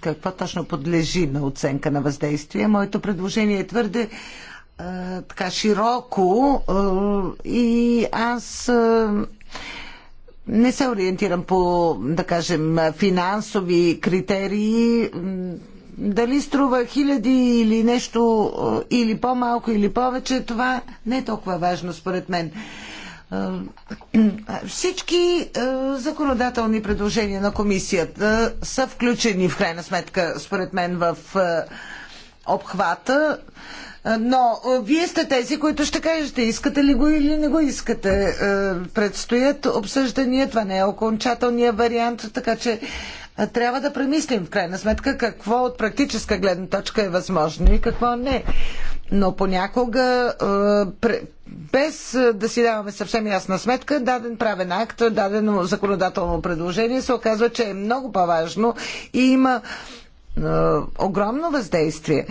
Какво точно подлежи на оценка на въздействие? Моето предложение е твърде е, така широко е, и аз е, не се ориентирам по, да кажем, финансови критерии. Дали струва хиляди или нещо, или по-малко, или повече, това не е толкова важно според мен. Всички законодателни предложения на комисията са включени в крайна сметка, според мен, в обхвата. Но вие сте тези, които ще кажете, искате ли го или не го искате. Предстоят обсъждания, това не е окончателният вариант, така че трябва да премислим в крайна сметка какво от практическа гледна точка е възможно и какво не. Но понякога, без да си даваме съвсем ясна сметка, даден правен акт, дадено законодателно предложение се оказва, че е много по-важно и има огромно въздействие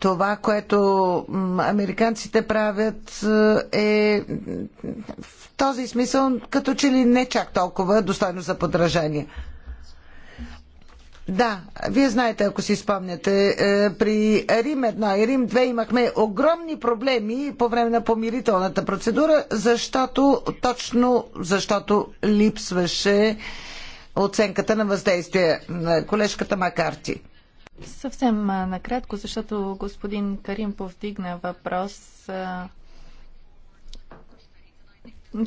това, което американците правят е, е в този смисъл като че ли не чак толкова достойно за подражание. Да, вие знаете, ако си спомняте, е, при Рим 1 и Рим 2 имахме огромни проблеми по време на помирителната процедура, защото точно защото липсваше оценката на въздействие на колежката Макарти. Съвсем накратко, защото господин Карим повдигна въпрос,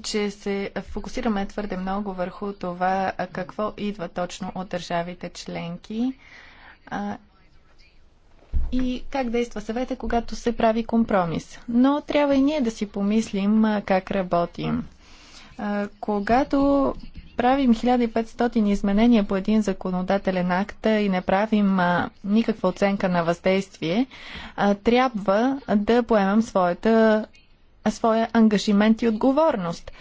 че се фокусираме твърде много върху това какво идва точно от държавите членки и как действа съвета, когато се прави компромис. Но трябва и ние да си помислим как работим. Когато правим 1500 изменения по един законодателен акт и не правим а, никаква оценка на въздействие, а, трябва да поемам своята, своя ангажимент и отговорност.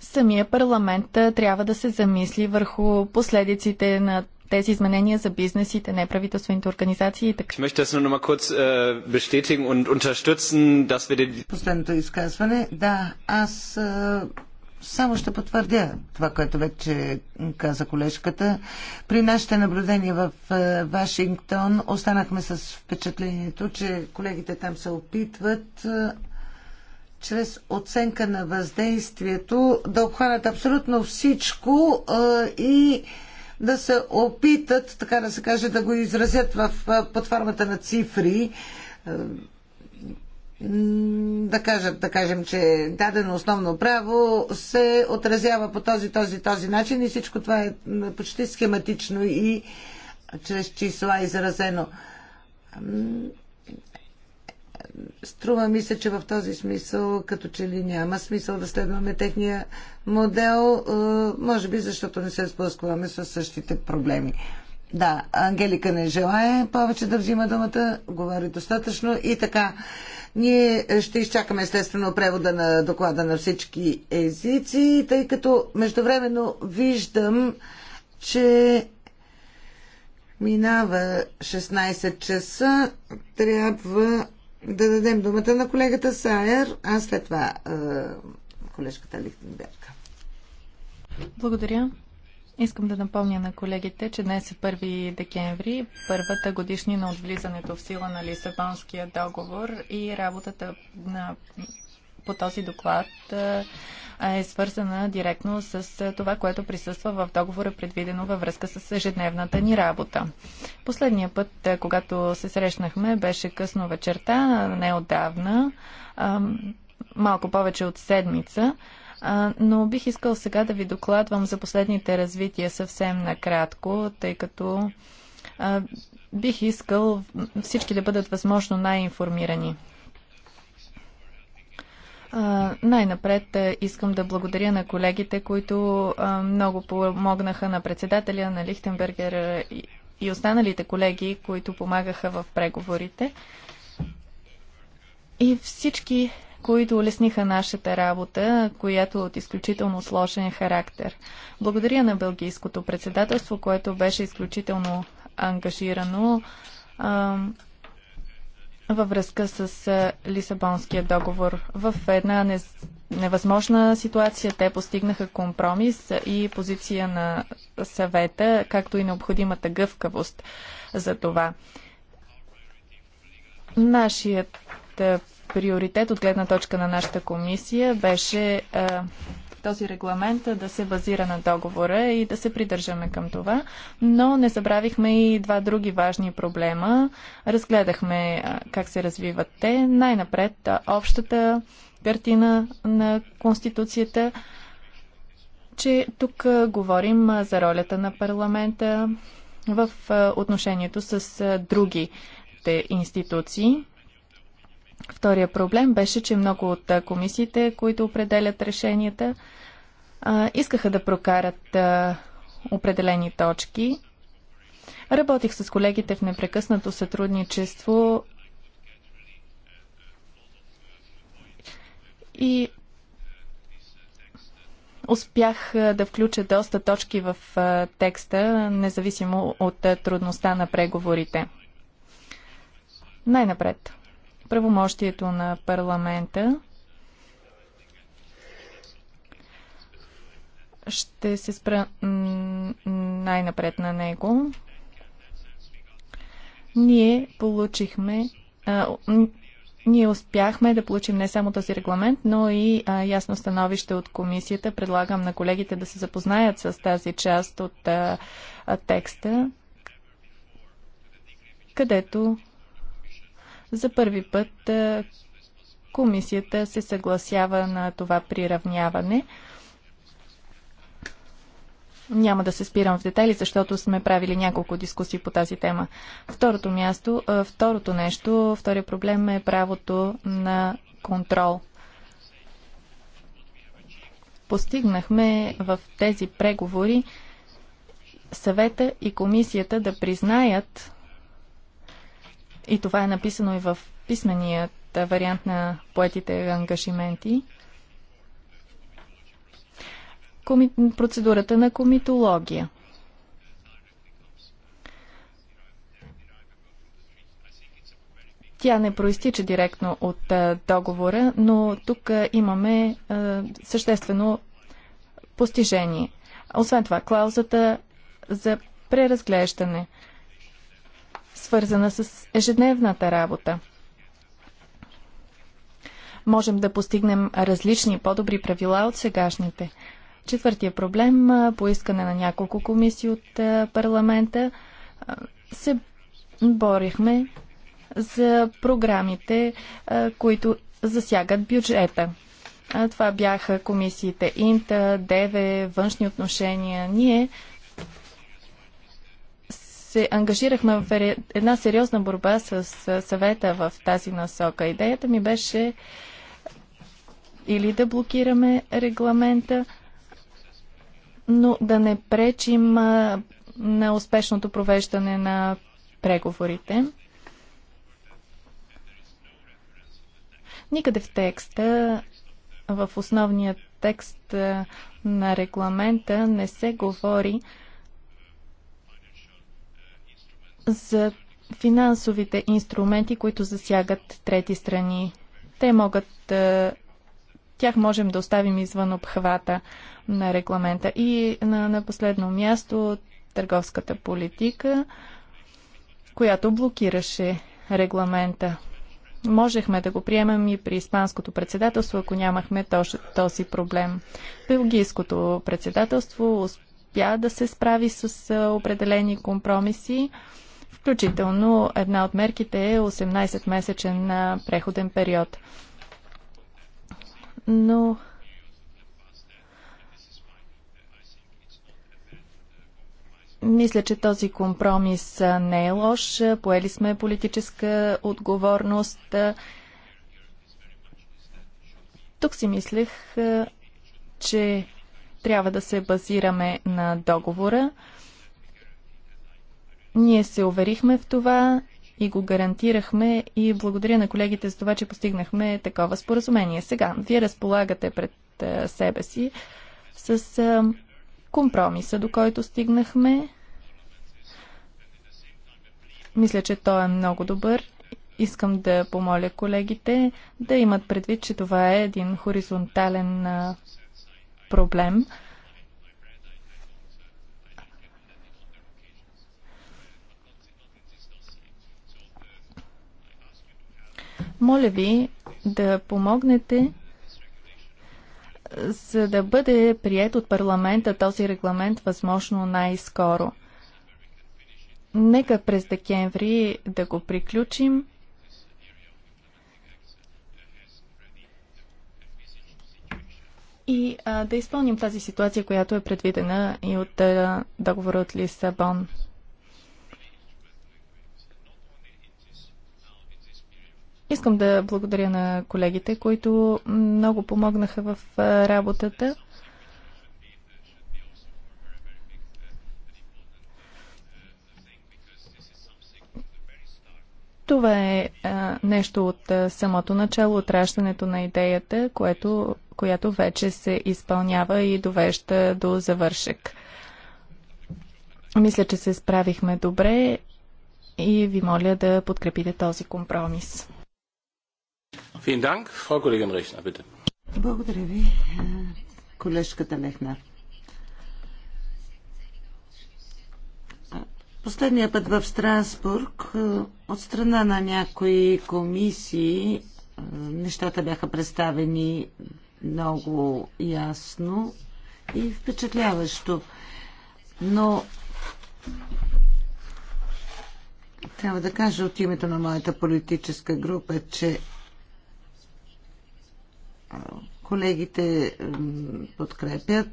Самия парламент трябва да се замисли върху последиците на тези изменения за бизнесите, неправителствените организации и така. Äh, Последното изказване. Да, аз само ще потвърдя това, което вече каза колежката. При нашите наблюдения в е, Вашингтон останахме с впечатлението, че колегите там се опитват е, чрез оценка на въздействието да обхванат абсолютно всичко е, и да се опитат, така да се каже, да го изразят в, под формата на цифри да кажат, да кажем, че дадено основно право се отразява по този, този, този начин и всичко това е почти схематично и чрез числа изразено. Струва ми се, че в този смисъл, като че ли няма смисъл да следваме техния модел, е, може би защото не се сблъскваме с същите проблеми. Да, Ангелика не желая повече да взима думата, говори достатъчно и така. Ние е, ще изчакаме естествено превода на доклада на всички езици, тъй като междувременно виждам, че минава 16 часа. Трябва да дадем думата на колегата Сайер, а след това е, колежката Лихтенберга. Благодаря. Искам да напомня на колегите, че днес е 1 декември, първата годишнина от влизането в сила на Лисабонския договор и работата на, по този доклад е свързана директно с това, което присъства в договора, предвидено във връзка с ежедневната ни работа. Последния път, когато се срещнахме, беше късно вечерта, неодавна, малко повече от седмица но бих искал сега да ви докладвам за последните развития съвсем накратко, тъй като бих искал всички да бъдат възможно най-информирани. Най-напред искам да благодаря на колегите, които много помогнаха на председателя, на Лихтенбергер и останалите колеги, които помагаха в преговорите. И всички които улесниха нашата работа, която е от изключително сложен характер. Благодаря на Белгийското председателство, което беше изключително ангажирано а, във връзка с а, Лисабонския договор. В една не, невъзможна ситуация те постигнаха компромис и позиция на съвета, както и необходимата гъвкавост за това. Нашият приоритет от гледна точка на нашата комисия беше а, е, този регламент да се базира на договора и да се придържаме към това, но не забравихме и два други важни проблема. Разгледахме а, е, как се развиват те. Най-напред е, общата картина на Конституцията, че тук а, говорим а, за ролята на парламента в отношението с другите институции Втория проблем беше, че много от комисиите, които определят решенията, искаха да прокарат определени точки. Работих с колегите в непрекъснато сътрудничество и успях да включа доста точки в текста, независимо от трудността на преговорите. Най-напред правомощието на парламента ще се спра най-напред на него. Ние получихме. А, ние успяхме да получим не само този регламент, но и а, ясно становище от комисията. Предлагам на колегите да се запознаят с тази част от а, а, текста, където за първи път комисията се съгласява на това приравняване. Няма да се спирам в детайли, защото сме правили няколко дискусии по тази тема. Второто място, второто нещо, втория проблем е правото на контрол. Постигнахме в тези преговори съвета и комисията да признаят и това е написано и в писменият вариант на поетите ангажименти. Коми... Процедурата на комитология. Тя не проистича директно от договора, но тук имаме съществено постижение. Освен това, клаузата за преразглеждане – свързана с ежедневната работа. Можем да постигнем различни по-добри правила от сегашните. Четвъртия проблем поискане на няколко комисии от парламента се борихме за програмите, които засягат бюджета. Това бяха комисиите Инта, ДЕВЕ, външни отношения. Ние се ангажирахме в една сериозна борба с съвета в тази насока. Идеята ми беше или да блокираме регламента, но да не пречим на успешното провеждане на преговорите. Никъде в текста, в основния текст на регламента не се говори за финансовите инструменти, които засягат трети страни. Те могат тях можем да оставим извън обхвата на регламента. И на, на последно място търговската политика, която блокираше регламента. Можехме да го приемем и при Испанското председателство, ако нямахме този проблем. Белгийското председателство успя да се справи с определени компромиси. Включително една от мерките е 18-месечен преходен период. Но Мисля, че този компромис не е лош. Поели сме политическа отговорност. Тук си мислех, че трябва да се базираме на договора. Ние се уверихме в това и го гарантирахме и благодаря на колегите за това, че постигнахме такова споразумение. Сега, вие разполагате пред себе си с компромиса, до който стигнахме. Мисля, че той е много добър. Искам да помоля колегите да имат предвид, че това е един хоризонтален проблем. Моля ви да помогнете за да бъде прият от парламента този регламент възможно най-скоро. Нека през декември да го приключим. И а, да изпълним тази ситуация, която е предвидена и от а, договора от Лисабон. Искам да благодаря на колегите, които много помогнаха в работата. Това е а, нещо от а, самото начало, отращането на идеята, което, която вече се изпълнява и довежда до завършек. Мисля, че се справихме добре и ви моля да подкрепите този компромис. Благодаря ви, колежката Лехнар. Последния път в Страсбург е, от страна на някои комисии е, нещата бяха представени много ясно и впечатляващо. Но трябва да кажа от името на моята политическа група, че Колегите подкрепят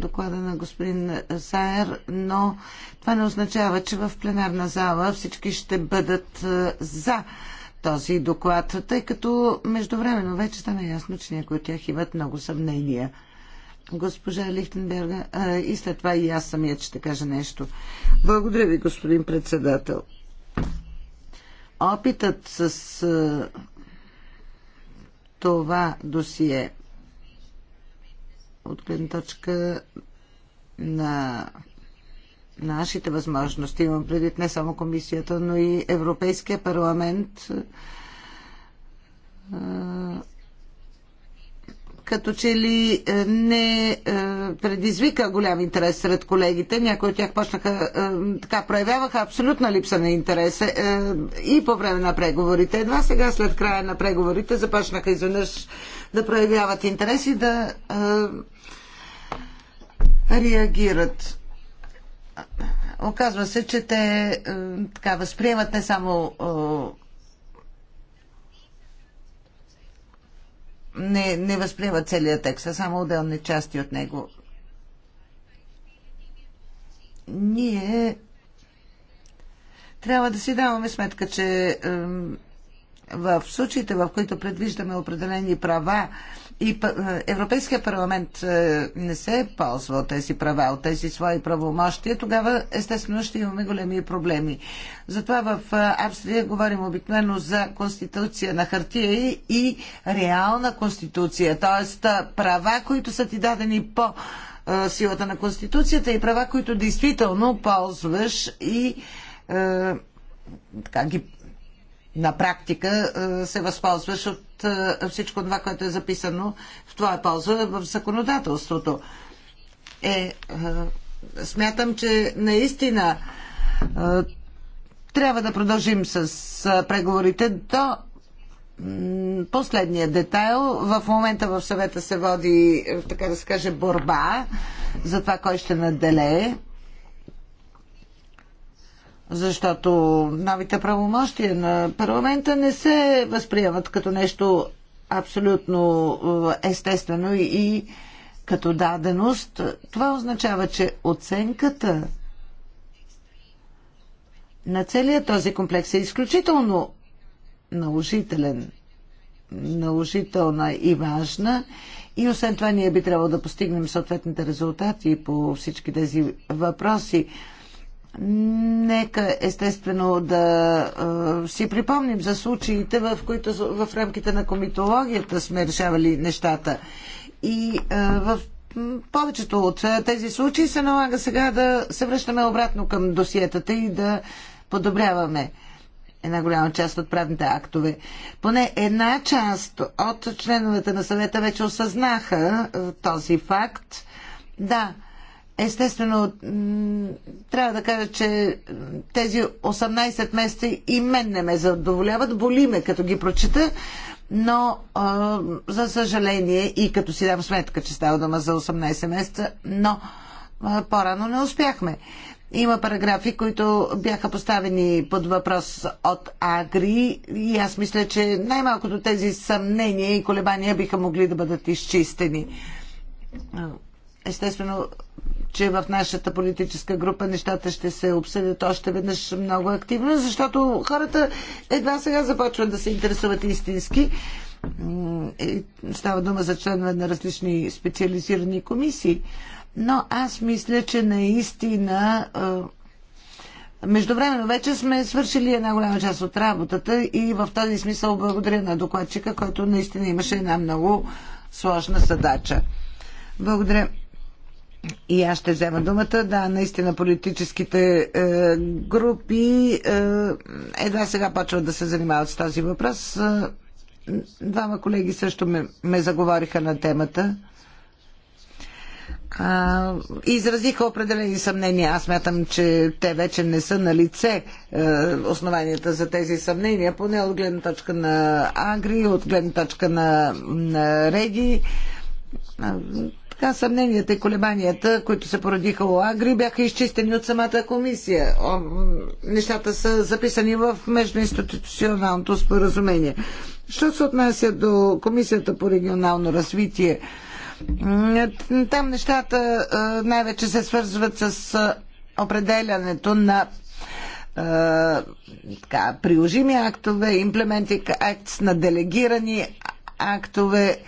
доклада на господин Саер, но това не означава, че в пленарна зала всички ще бъдат за този доклад, тъй като междувременно вече стана ясно, че някои от тях имат много съмнения. Госпожа Лихтенберга, и след това и аз самия ще кажа нещо. Благодаря ви, господин председател. Опитът с това досие от гледна точка на нашите възможности. Имам предвид не само комисията, но и Европейския парламент като че ли е, не е, предизвика голям интерес сред колегите. Някои от тях почнаха, е, така проявяваха абсолютна липса на интерес и по време на преговорите. Едва сега след края на преговорите започнаха изведнъж да проявяват интерес и да реагират. Оказва се, че те така възприемат не само не, не възприема целият текст, а само отделни части от него. Ние трябва да си даваме сметка, че в случаите, в които предвиждаме определени права и е, Европейския парламент е, не се е ползвал тези права, от тези свои правомощия, тогава естествено ще имаме големи проблеми. Затова в е, Австрия говорим обикновено за конституция на хартия и реална конституция, т.е. права, които са ти дадени по силата на конституцията и права, които действително ползваш и е, така ги на практика е, се възползваш от е, всичко това, което е записано в твоя полза в законодателството. Е, е смятам, че наистина трябва да продължим с преговорите до последния детайл. В момента в съвета се води, така да се каже, борба за това кой ще наделее защото новите правомощия на парламента не се възприемат като нещо абсолютно е, естествено и като даденост. Това означава, че оценката на целият този комплекс е изключително наложителен, наложителна и важна. И освен това ние би трябвало да постигнем съответните резултати по всички тези въпроси. Нека естествено да а, си припомним за случаите, в които в рамките на комитологията сме решавали нещата. И а, в повечето от тези случаи се налага сега да се връщаме обратно към досиетата и да подобряваме една голяма част от правните актове. Поне една част от членовете на съвета вече осъзнаха този факт. Да, Естествено, трябва да кажа, че тези 18 месеца и мен не ме задоволяват. Боли ме, като ги прочита, но а, за съжаление и като си дам сметка, че става дома за 18 месеца, но по-рано не успяхме. Има параграфи, които бяха поставени под въпрос от Агри и аз мисля, че най-малкото тези съмнения и колебания биха могли да бъдат изчистени. Естествено, че в нашата политическа група нещата ще се обсъдят още веднъж много активно, защото хората едва сега започват да се интересуват истински. Става дума за членове на различни специализирани комисии. Но аз мисля, че наистина Междувременно вече сме свършили една голяма част от работата и в този смисъл благодаря на докладчика, който наистина имаше една много сложна задача. Благодаря. И аз ще взема думата. Да, наистина политическите е, групи е, едва сега почват да се занимават с този въпрос. Е, двама колеги също ме, ме заговориха на темата. А, изразиха определени съмнения. Аз мятам, че те вече не са на лице е, основанията за тези съмнения, поне от гледна точка на Агри, от гледна точка на, на Реги така съмненията и колебанията, които се породиха у Агри, бяха изчистени от самата комисия. Нещата са записани в междуинституционалното споразумение. Що се отнася до комисията по регионално развитие? Там нещата най-вече се свързват с определянето на така, приложими актове, implementing acts на делегирани актове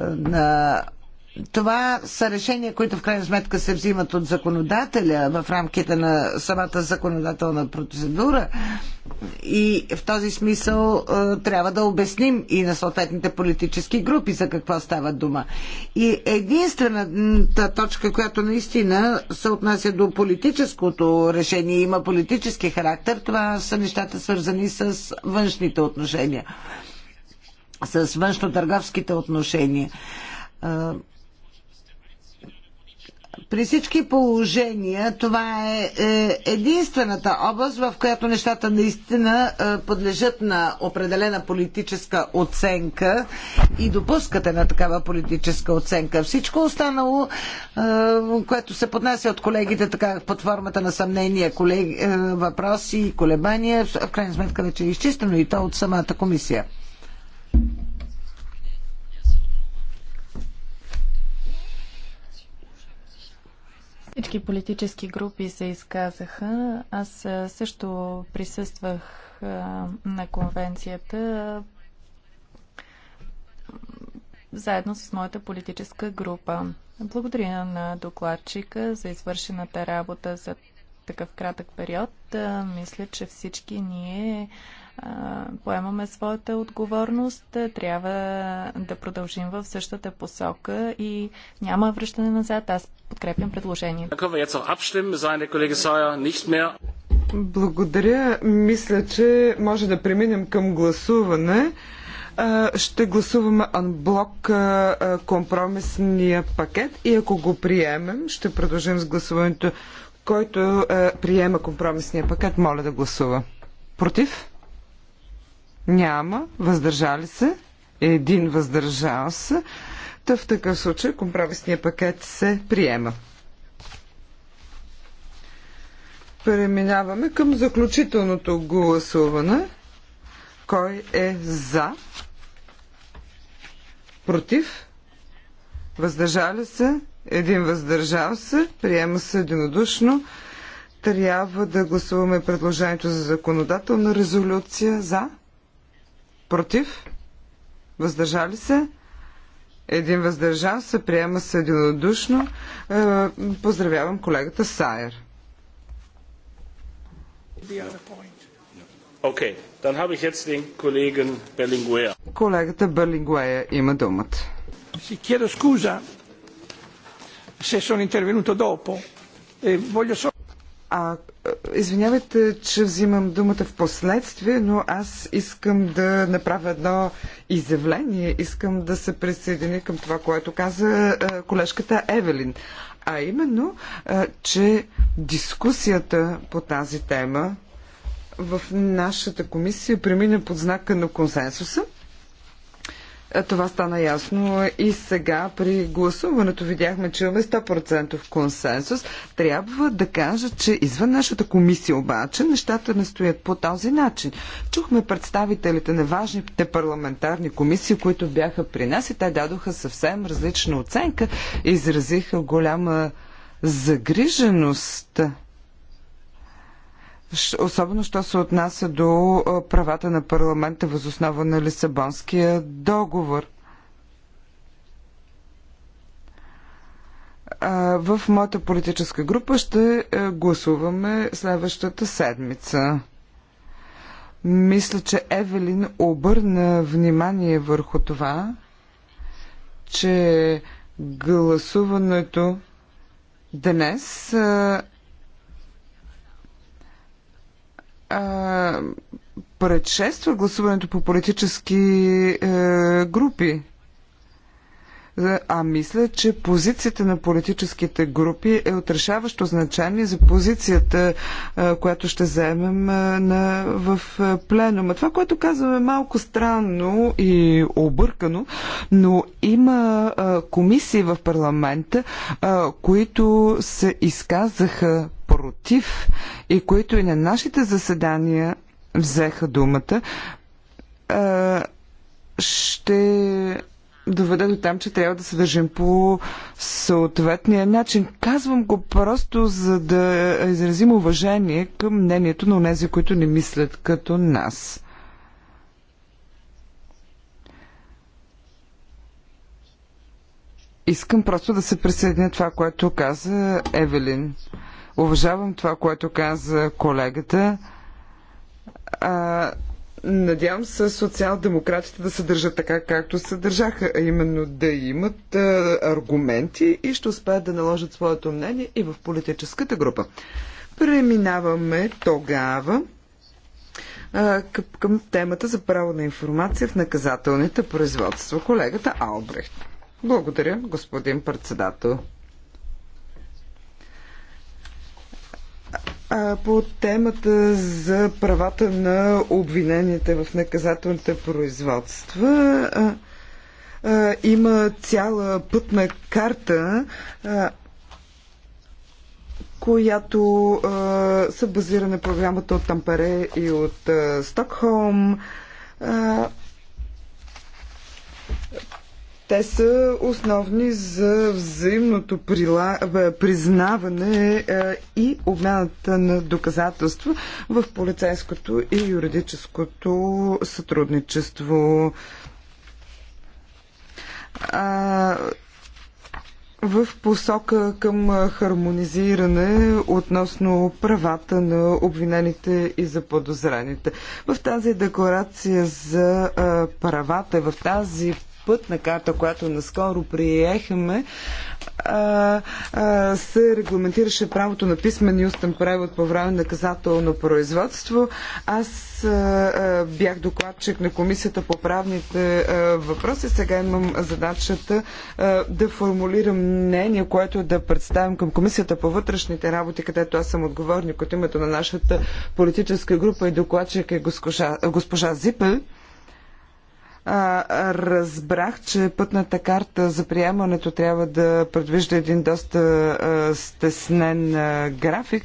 на това са решения, които в крайна сметка се взимат от законодателя в рамките на самата законодателна процедура. И в този смисъл е, трябва да обясним и на съответните политически групи за какво става дума. И единствената точка, която наистина се отнася до политическото решение, и има политически характер, това са нещата свързани с външните отношения, с външно-търговските отношения е, при всички положения това е, е единствената област, в която нещата наистина е, подлежат на определена политическа оценка и допускате на такава политическа оценка. Всичко останало, е, което се поднася от колегите така под формата на съмнения, колег... въпроси и колебания, в крайна сметка вече е изчистено и то от самата комисия. Всички политически групи се изказаха. Аз също присъствах на конвенцията заедно с моята политическа група. Благодаря на докладчика за извършената работа за такъв кратък период. Мисля, че всички ние поемаме своята отговорност, трябва да продължим в същата посока и няма връщане назад. Аз подкрепям предложението. Благодаря. Мисля, че може да преминем към гласуване. Ще гласуваме анблок компромисния пакет и ако го приемем, ще продължим с гласуването. Който приема компромисния пакет, моля да гласува. Против? Няма. Въздържали се? Един въздържал се. Та в такъв случай компромисния пакет се приема. Преминаваме към заключителното гласуване. Кой е за? Против? Въздържали се? Един въздържал се. Приема се единодушно. Трябва да гласуваме предложението за законодателна резолюция за. Против? Въздържали се? Един въздържан се приема с единодушно. Е, поздравявам колегата Сайер. Okay. Колегата Берлингуея има думата. Си chiedo scusa se sono intervenuto dopo. Е, voglio solo... А, извинявайте, че взимам думата в последствие, но аз искам да направя едно изявление. Искам да се присъединя към това, което каза е, колежката Евелин. А именно, е, че дискусията по тази тема в нашата комисия премина под знака на консенсуса – това стана ясно и сега при гласуването видяхме, че имаме 100% консенсус. Трябва да кажа, че извън нашата комисия обаче нещата не стоят по този начин. Чухме представителите на важните парламентарни комисии, които бяха при нас и те дадоха съвсем различна оценка и изразиха голяма загриженост особено що се отнася до правата на парламента възоснова на Лисабонския договор. В моята политическа група ще гласуваме следващата седмица. Мисля, че Евелин обърна внимание върху това, че гласуването днес предшества гласуването по политически е, групи а мисля, че позицията на политическите групи е решаващо значение за позицията, която ще заемем на, в пленума. Това, което казваме е малко странно и объркано, но има комисии в парламента, които се изказаха против и които и на нашите заседания взеха думата. Ще доведе до там, че трябва да се държим по съответния начин. Казвам го просто за да изразим уважение към мнението на тези, които не мислят като нас. Искам просто да се присъединя това, което каза Евелин. Уважавам това, което каза колегата. А, Надявам се социал-демократите да се държат така, както се държаха, а именно да имат а, е, аргументи и ще успеят да наложат своето мнение и в политическата група. Преминаваме тогава а, е, към, към темата за право на информация в наказателните производства. Колегата Албрехт. Благодаря, господин председател. по темата за правата на обвиненията в наказателните производства има цяла пътна карта, която са базира на програмата от Тампере и от Стокхолм. Те са основни за взаимното признаване е, и обмяната на доказателства в полицейското и юридическото сътрудничество. В посока към хармонизиране относно правата на обвинените и за подозраните. В тази декларация за правата, в тази пътна карта, която наскоро приехме, а, а, се регламентираше правото на писмен и устен превод по време на наказателно производство. Аз а, бях докладчик на Комисията по правните въпроси. Сега имам задачата да формулирам мнение, което да представям към Комисията по вътрешните работи, където аз съм отговорник от името на нашата политическа група и докладчик е госпожа, госпожа Зипел разбрах, че пътната карта за приемането трябва да предвижда един доста стеснен график.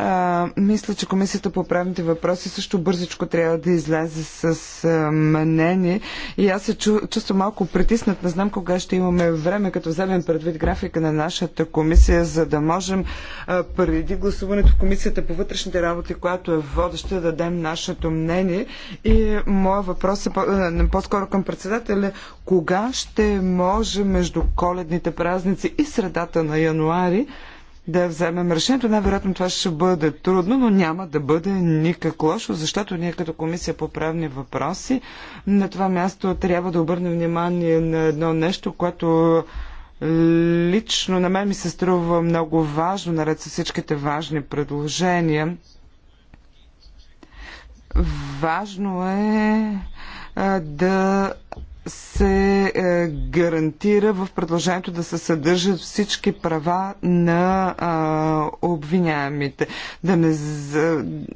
А, мисля, че Комисията по правните въпроси също бързичко трябва да излезе с а, мнение. И аз се чу, чувствам малко притиснат. Не знам кога ще имаме време, като вземем предвид графика на нашата комисия, за да можем а, преди гласуването в Комисията по вътрешните работи, която е водеща, да дадем нашето мнение. И моят въпрос е по, по-скоро към председателя. Кога ще може между коледните празници и средата на януари да вземем решението. Най-вероятно това ще бъде трудно, но няма да бъде никак лошо, защото ние като комисия по правни въпроси на това място трябва да обърнем внимание на едно нещо, което лично на мен ми се струва много важно, наред с всичките важни предложения. Важно е да се е, гарантира в предложението да се съдържат всички права на обвиняемите. Да не,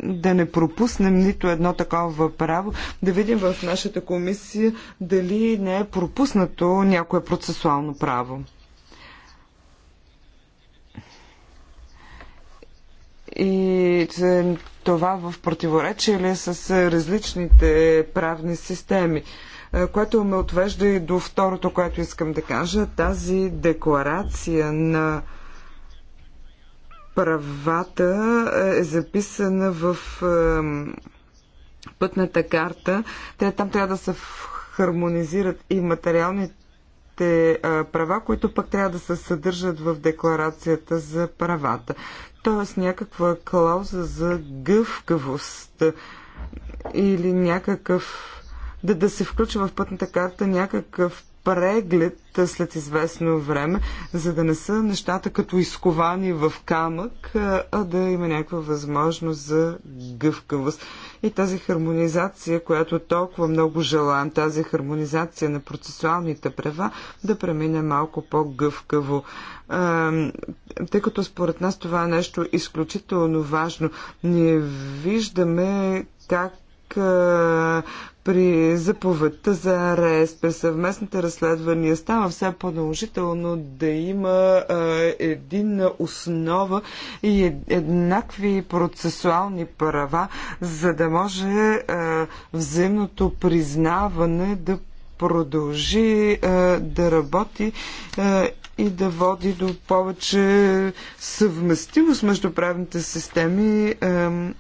да не пропуснем нито едно такова право, да видим в нашата комисия дали не е пропуснато някое процесуално право. И е, това в противоречие ли е с различните правни системи? Е, което ме отвежда и до второто, което искам да кажа. Тази декларация на правата е записана в пътната карта. Те там трябва да се хармонизират и материалните е, права, които пък трябва да се съдържат в декларацията за правата. Тоест някаква клауза за гъвкавост или някакъв да, да се включи в пътната карта някакъв преглед след известно време, за да не са нещата като изковани в камък, а да има някаква възможност за гъвкавост. И тази хармонизация, която толкова много желаем, тази хармонизация на процесуалните права, да премине малко по-гъвкаво. Тъй като според нас това е нещо изключително важно, ние виждаме как при заповедта за арест, при съвместните разследвания става все по-наложително да има а, единна основа и еднакви процесуални права, за да може а, взаимното признаване да продължи а, да работи а, и да води до повече съвместимост между правните системи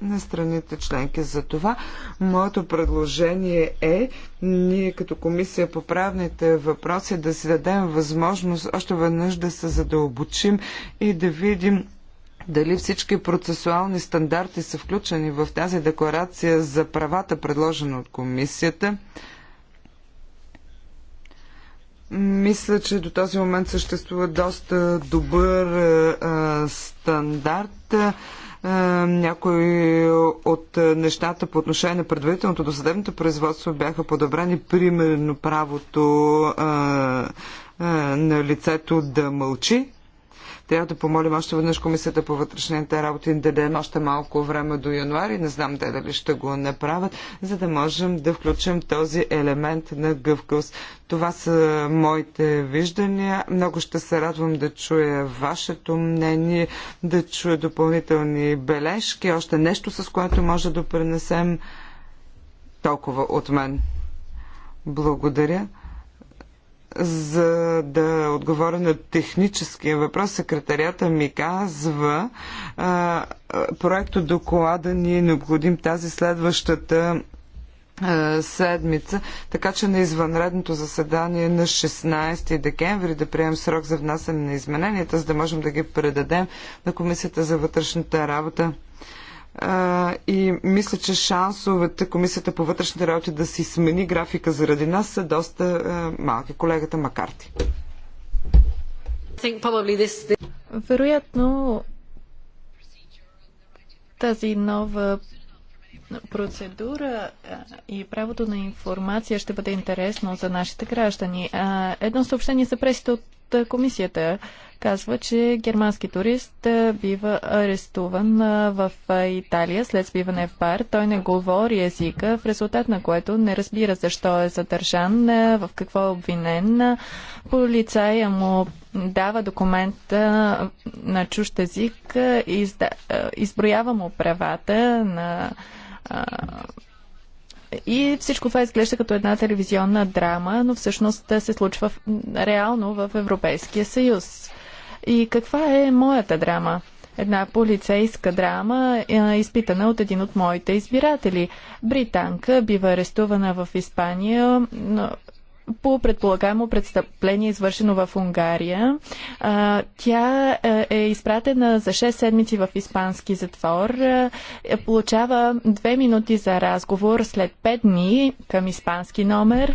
на страните членки. За това моето предложение е ние като комисия по правните въпроси да си дадем възможност още веднъж да се задълбочим и да видим дали всички процесуални стандарти са включени в тази декларация за правата, предложена от комисията. Мисля, че до този момент съществува доста добър а, е, е, стандарт. А, е, някои от нещата по отношение на предварителното досъдебното производство бяха подобрени, примерно правото а, на лицето да мълчи трябва да помолим още веднъж Комисията по вътрешните работи да дадем още малко време до януари. Не знам те дали ще го направят, за да можем да включим този елемент на гъвкавост. Това са моите виждания. Много ще се радвам да чуя вашето мнение, да чуя допълнителни бележки, още нещо с което може да пренесем толкова от мен. Благодаря за да отговоря на техническия въпрос, секретарята ми казва, а, проекто доклада ни е необходим тази следващата а, седмица, така че на извънредното заседание на 16 декември да приемем срок за внасяне на измененията, за да можем да ги предадем на Комисията за вътрешната работа. А, и мисля, че шансовете Комисията по вътрешните работи да си смени графика заради нас са доста а, малки. Колегата Макарти. Вероятно тази нова процедура и правото на информация ще бъде интересно за нашите граждани. Едно съобщение за пресите от комисията казва, че германски турист бива арестуван в Италия след сбиване в бар. Той не говори езика, в резултат на което не разбира защо е задържан, в какво е обвинен. Полицая му дава документ на чужд език, изброява му правата на и всичко това изглежда като една телевизионна драма, но всъщност се случва в, реално в Европейския съюз. И каква е моята драма? Една полицейска драма, е, изпитана от един от моите избиратели. Британка бива арестувана в Испания, но по предполагаемо престъпление, извършено в Унгария. Тя е, е изпратена за 6 седмици в испански затвор. Е, получава 2 минути за разговор след 5 дни към испански номер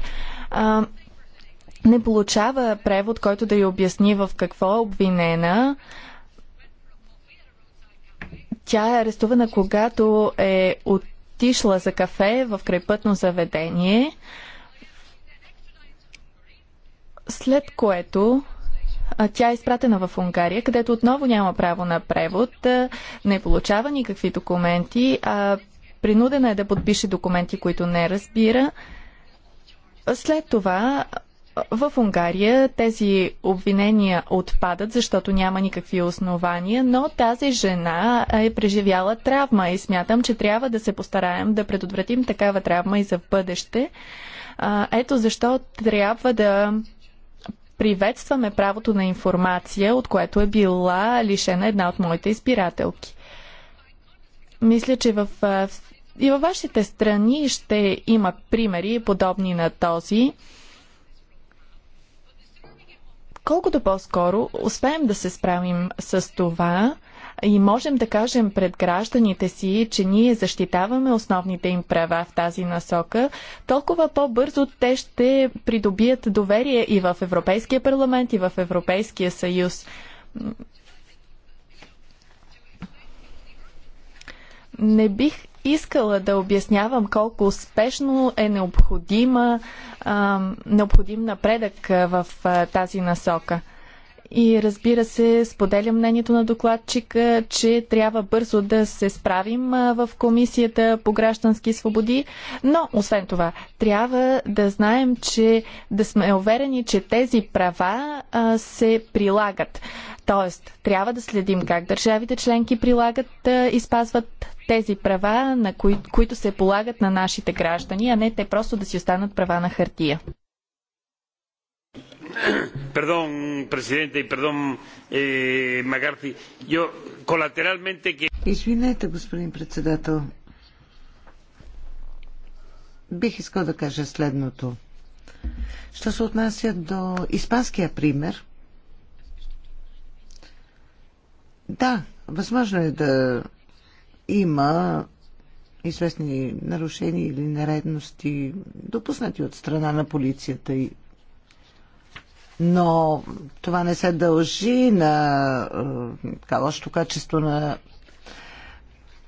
не получава превод, който да й обясни в какво е обвинена. Тя е арестувана, когато е отишла за кафе в крайпътно заведение. След което тя е изпратена в Унгария, където отново няма право на превод, не получава никакви документи, а принудена е да подпише документи, които не разбира. След това в Унгария тези обвинения отпадат, защото няма никакви основания, но тази жена е преживяла травма и смятам, че трябва да се постараем да предотвратим такава травма и за бъдеще. Ето защо трябва да приветстваме правото на информация, от което е била лишена една от моите избирателки. Мисля, че в, и във вашите страни ще има примери, подобни на този. Колкото по-скоро успеем да се справим с това, и можем да кажем пред гражданите си, че ние защитаваме основните им права в тази насока, толкова по-бързо те ще придобият доверие и в Европейския парламент, и в Европейския съюз. Не бих искала да обяснявам колко успешно е необходим напредък в тази насока и разбира се, споделя мнението на докладчика, че трябва бързо да се справим в Комисията по граждански свободи, но освен това, трябва да знаем, че да сме уверени, че тези права а, се прилагат. Тоест, трябва да следим как държавите членки прилагат а, и спазват тези права, на кои, които се полагат на нашите граждани, а не те просто да си останат права на хартия. Perdón, presidente, y perdón, eh, McCarthy. Yo colateralmente que. Извинете, господин председател. Бих искал да кажа следното. Що се отнася до испанския пример, да, възможно е да има известни нарушения или нередности, допуснати от страна на полицията и но това не се дължи на е, така, лошото качество на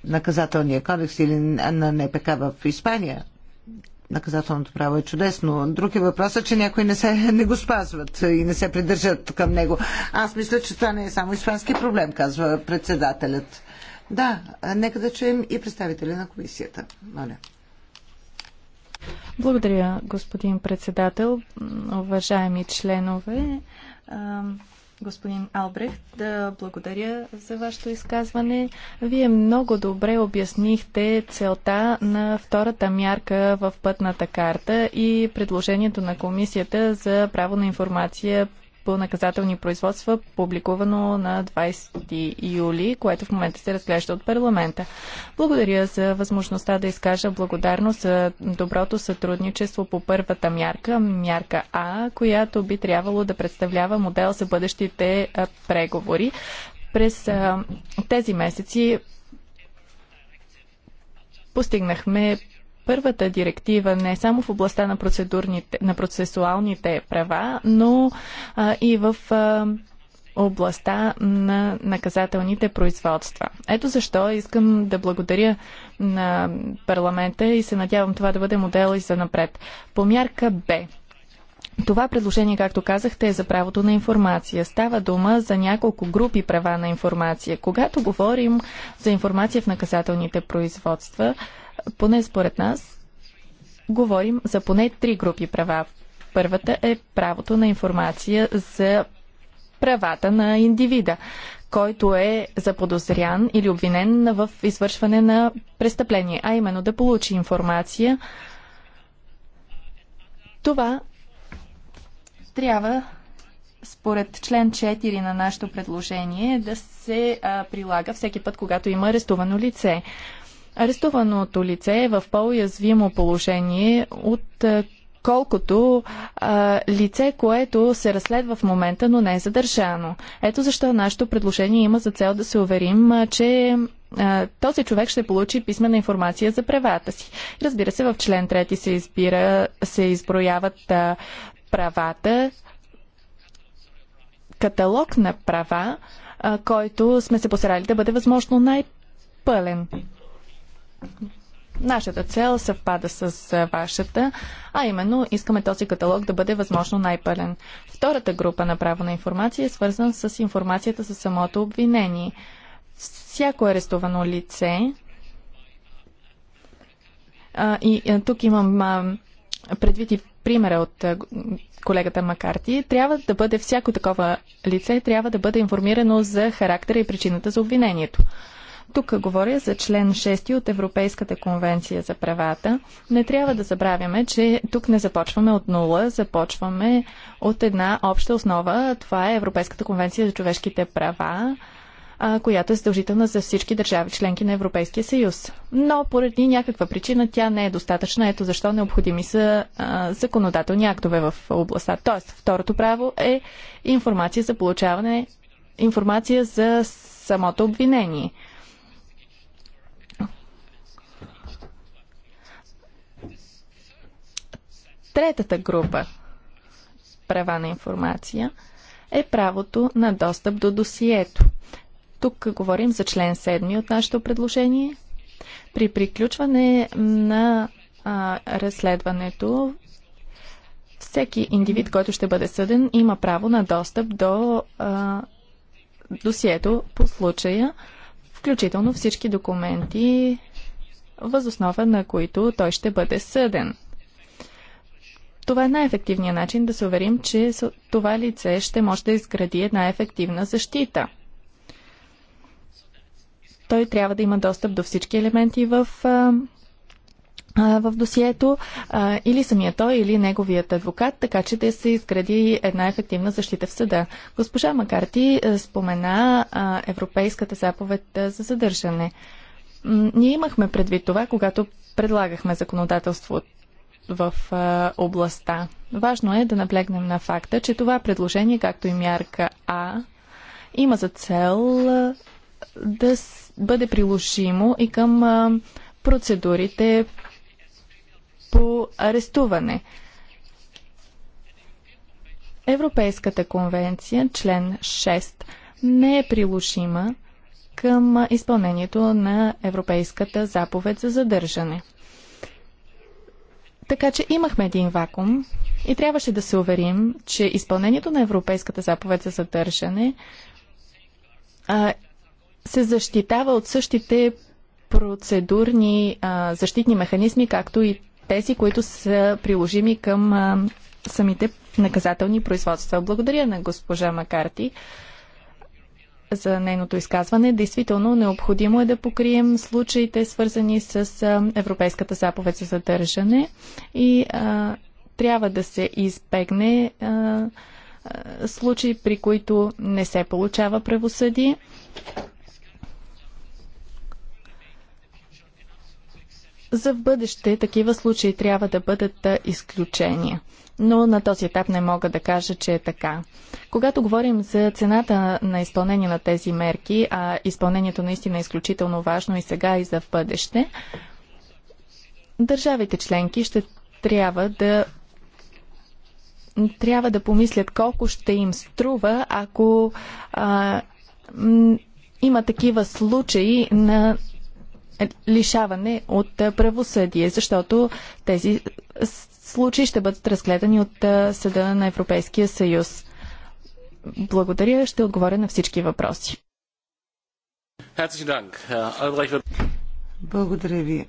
наказателния кодекс или на НПК в Испания. Наказателното право е чудесно. Друг е въпросът, че някои не, се, не го спазват и не се придържат към него. Аз мисля, че това не е само испански проблем, казва председателят. Да, нека да чуем и представителя на комисията. Моля. Благодаря, господин председател, уважаеми членове. Господин Албрехт, да благодаря за вашето изказване. Вие много добре обяснихте целта на втората мярка в пътната карта и предложението на комисията за право на информация по наказателни производства, публикувано на 20 юли, което в момента се разглежда от парламента. Благодаря за възможността да изкажа благодарност за доброто сътрудничество по първата мярка, мярка А, която би трябвало да представлява модел за бъдещите преговори. През тези месеци постигнахме първата директива не само в областта на, на процесуалните права, но а, и в а, областта на наказателните производства. Ето защо искам да благодаря на парламента и се надявам това да бъде модел и за напред. По мярка Б това предложение, както казахте, е за правото на информация. Става дума за няколко групи права на информация. Когато говорим за информация в наказателните производства, поне според нас, говорим за поне три групи права. Първата е правото на информация за правата на индивида, който е заподозрян или обвинен в извършване на престъпление, а именно да получи информация. Това трябва според член 4 на нашето предложение да се а, прилага всеки път, когато има арестувано лице арестуваното лице е в по-уязвимо положение от е, колкото а, лице, което се разследва в момента, но не е задържано. Ето защо нашето предложение има за цел да се уверим, а, че а, този човек ще получи писмена информация за правата си. Разбира се, в член 3 се, избира, се изброяват а, правата, каталог на права, а, който сме се посрали да бъде възможно най-пълен нашата цел съвпада с вашата, а именно искаме този каталог да бъде възможно най-пълен. Втората група на право на информация е свързана с информацията за самото обвинение. Всяко арестувано лице а, и а, тук имам а, предвид и примера от а, колегата Макарти, трябва да бъде всяко такова лице, трябва да бъде информирано за характера и причината за обвинението. Тук говоря за член 6 от Европейската конвенция за правата. Не трябва да забравяме, че тук не започваме от нула, започваме от една обща основа. Това е Европейската конвенция за човешките права която е задължителна за всички държави членки на Европейския съюз. Но поради някаква причина тя не е достатъчна. Ето защо необходими са законодателни актове в областта. Тоест, второто право е информация за получаване, информация за самото обвинение. Третата група права на информация е правото на достъп до досието. Тук говорим за член 7 от нашето предложение. При приключване на а, разследването всеки индивид, който ще бъде съден, има право на достъп до а, досието по случая, включително всички документи, възоснова на които той ще бъде съден. Това е най-ефективният начин да се уверим, че това лице ще може да изгради една ефективна защита. Той трябва да има достъп до всички елементи в, в досието, или самия той, или неговият адвокат, така че да се изгради една ефективна защита в съда. Госпожа Макарти спомена Европейската заповед за задържане. Ние имахме предвид това, когато предлагахме законодателство в областта. Важно е да наблегнем на факта, че това предложение, както и мярка А, има за цел да бъде приложимо и към процедурите по арестуване. Европейската конвенция, член 6, не е приложима към изпълнението на Европейската заповед за задържане. Така че имахме един вакуум и трябваше да се уверим, че изпълнението на Европейската заповед за задържане а, се защитава от същите процедурни а, защитни механизми, както и тези, които са приложими към а, самите наказателни производства. Благодаря на госпожа Макарти за нейното изказване. Действително необходимо е да покрием случаите, свързани с Европейската заповед за задържане и а, трябва да се избегне а, а, случаи, при които не се получава правосъдие За в бъдеще такива случаи трябва да бъдат изключения. Но на този етап не мога да кажа, че е така. Когато говорим за цената на изпълнение на тези мерки, а изпълнението наистина е изключително важно и сега и за в бъдеще, държавите членки ще трябва да трябва да помислят колко ще им струва, ако а, има такива случаи на лишаване от правосъдие, защото тези случаи ще бъдат разгледани от Съда на Европейския съюз. Благодаря, ще отговоря на всички въпроси. Благодаря ви.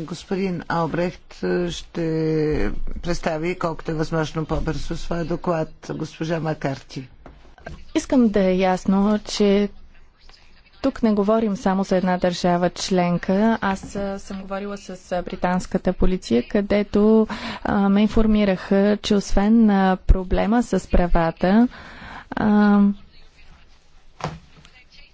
Господин Албрехт ще представи колкото е възможно по-бързо своя доклад. Госпожа Макарти. Искам да е ясно, че тук не говорим само за една държава членка. Аз съм говорила с британската полиция, където а, ме информираха, че освен а, проблема с правата, а,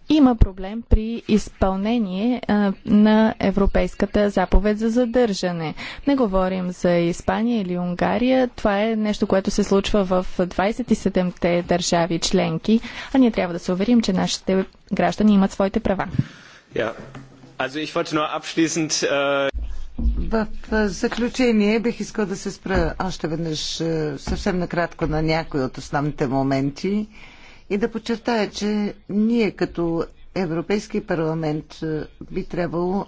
има проблем при изпълнение а, на Европейската заповед за задържане. Не говорим за Испания или Унгария. Това е нещо, което се случва в 27-те държави членки, а ние трябва да се уверим, че нашите граждани имат своите права. Yeah. Äh, в заключение бих искал да се спра още веднъж съвсем накратко на някои от основните моменти и да подчертая, че ние като Европейски парламент е, би трябвало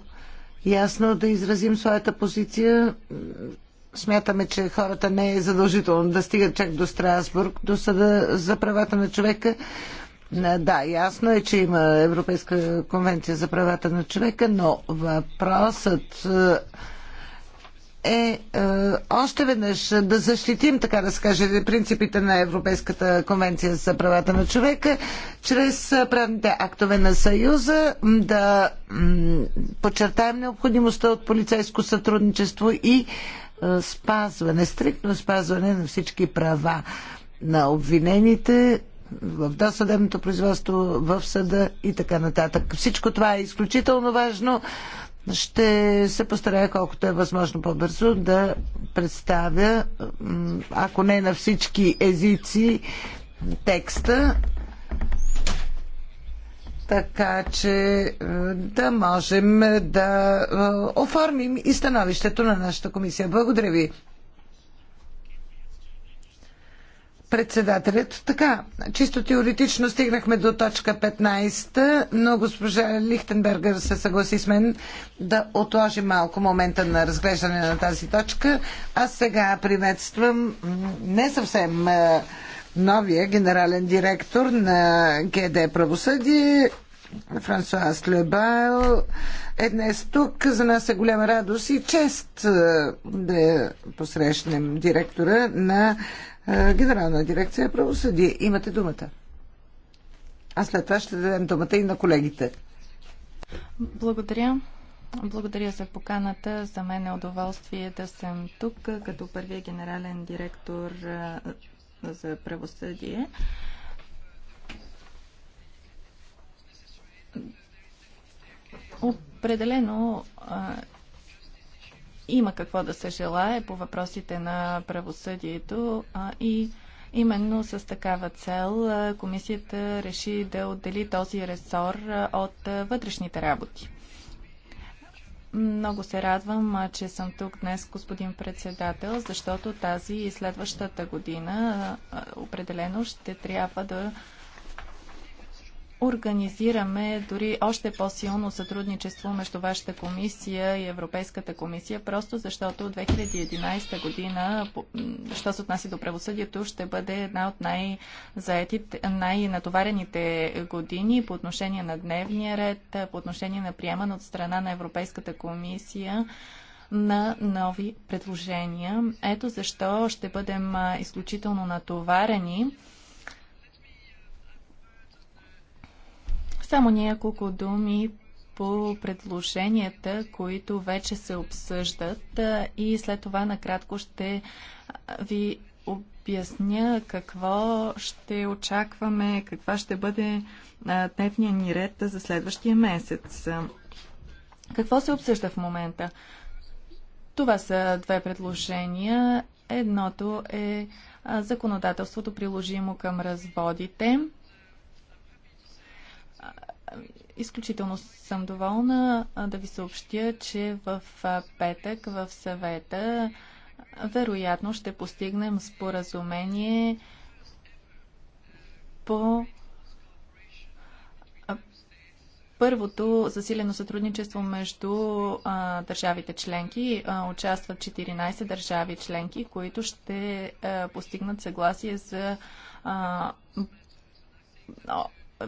ясно да изразим своята позиция. Смятаме, че хората не е задължително да стигат чак до Страсбург, до съда за правата на човека. Е, да, ясно е, че има Европейска конвенция за правата на човека, но въпросът е, е, е още веднъж е, да защитим, така да се каже, принципите на Европейската конвенция за правата на човека, чрез е, правните актове на Съюза, да подчертаем необходимостта от полицейско сътрудничество и е, спазване, стриктно спазване на всички права на обвинените, в досъдебното производство, в съда и така нататък. Всичко това е изключително важно ще се постарая колкото е възможно по-бързо да представя, ако не на всички езици, текста, така че е, да можем да е, оформим и становището на нашата комисия. Благодаря ви. председателят. Така, чисто теоретично стигнахме до точка 15, но госпожа Лихтенбергер се съгласи с мен да отложи малко момента на разглеждане на тази точка. Аз сега приветствам не съвсем новия генерален директор на ГД Правосъдие, Франсуа Слебайл е днес тук. За нас е голяма радост и чест да посрещнем директора на Генерална дирекция е правосъдие. Имате думата. А след това ще дадем думата и на колегите. Благодаря. Благодаря за поканата. За мен е удоволствие да съм тук като първия генерален директор за правосъдие. Определено има какво да се желае по въпросите на правосъдието а, и именно с такава цел комисията реши да отдели този ресор от вътрешните работи. Много се радвам, че съм тук днес, господин председател, защото тази и следващата година определено ще трябва да организираме дори още по-силно сътрудничество между вашата комисия и Европейската комисия, просто защото 2011 година, що се отнася до правосъдието, ще бъде една от най-заетите, най-натоварените години по отношение на дневния ред, по отношение на приемане от страна на Европейската комисия на нови предложения. Ето защо ще бъдем изключително натоварени Само няколко думи по предложенията, които вече се обсъждат и след това накратко ще ви обясня какво ще очакваме, каква ще бъде дневния ни ред за следващия месец. Какво се обсъжда в момента? Това са две предложения. Едното е законодателството приложимо към разводите Изключително съм доволна да ви съобщя, че в петък в съвета вероятно ще постигнем споразумение по първото засилено сътрудничество между а, държавите членки. А, участват 14 държави членки, които ще а, постигнат съгласие за а,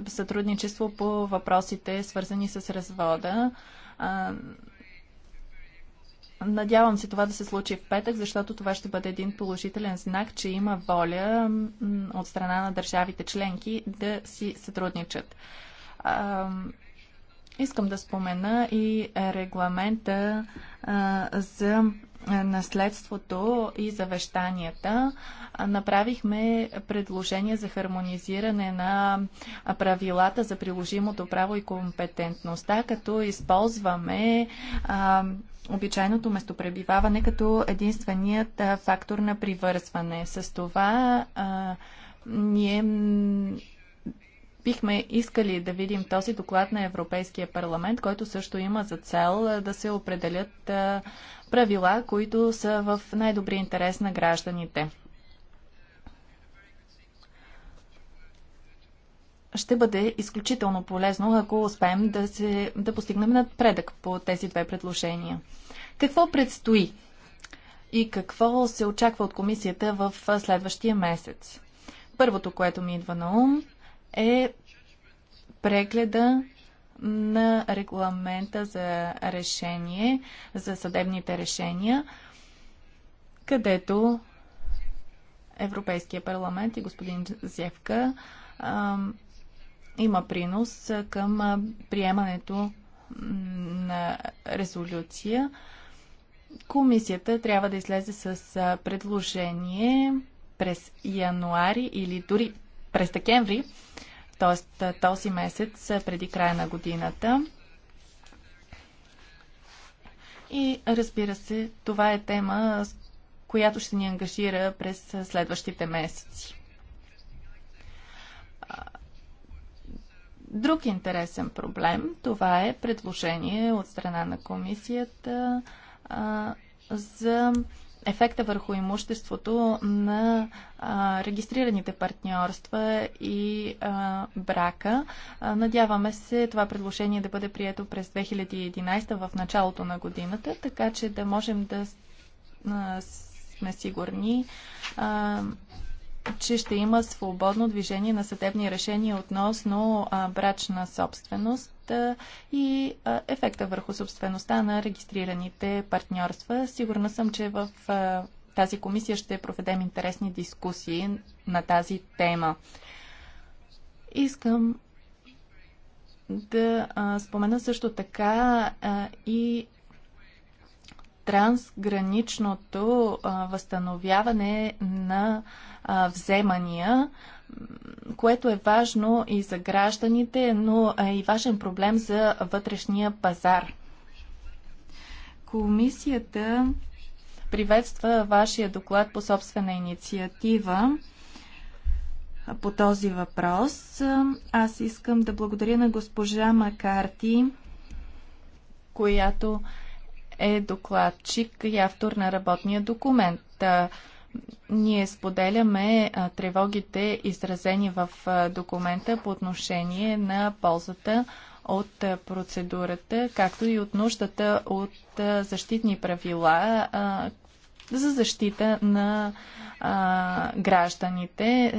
сътрудничество по въпросите, свързани с развода. Надявам се това да се случи в петък, защото това ще бъде един положителен знак, че има воля от страна на държавите членки да си сътрудничат. Искам да спомена и регламента за е, наследството и завещанията, направихме предложение за хармонизиране на правилата за приложимото право и компетентността, като използваме а, обичайното местопребиваване като единственият фактор на привързване. С това а, ние Бихме искали да видим този доклад на Европейския парламент, който също има за цел да се определят правила, които са в най-добрия интерес на гражданите. ще бъде изключително полезно, ако успеем да, се, да постигнем напредък по тези две предложения. Какво предстои и какво се очаква от комисията в следващия месец? Първото, което ми идва на ум, е прегледа на регламента за решение, за съдебните решения, където Европейския парламент и господин Зевка а, има принос към приемането на резолюция. Комисията трябва да излезе с предложение през януари или дори през декември, т.е. този месец преди края на годината. И разбира се, това е тема, с която ще ни ангажира през следващите месеци. Друг интересен проблем, това е предложение от страна на комисията а, за ефекта върху имуществото на а, регистрираните партньорства и а, брака. А, надяваме се това предложение да бъде прието през 2011 в началото на годината, така че да можем да а, сме сигурни а, че ще има свободно движение на съдебни решения относно а, брачна собственост а, и а, ефекта върху собствеността на регистрираните партньорства. Сигурна съм, че в а, тази комисия ще проведем интересни дискусии на тази тема. Искам да а, спомена също така а, и трансграничното а, възстановяване на а, вземания, което е важно и за гражданите, но е и важен проблем за вътрешния пазар. Комисията приветства вашия доклад по собствена инициатива по този въпрос. Аз искам да благодаря на госпожа Макарти, която е докладчик и автор на работния документ. Ние споделяме тревогите, изразени в документа по отношение на ползата от процедурата, както и от нуждата от защитни правила за защита на гражданите.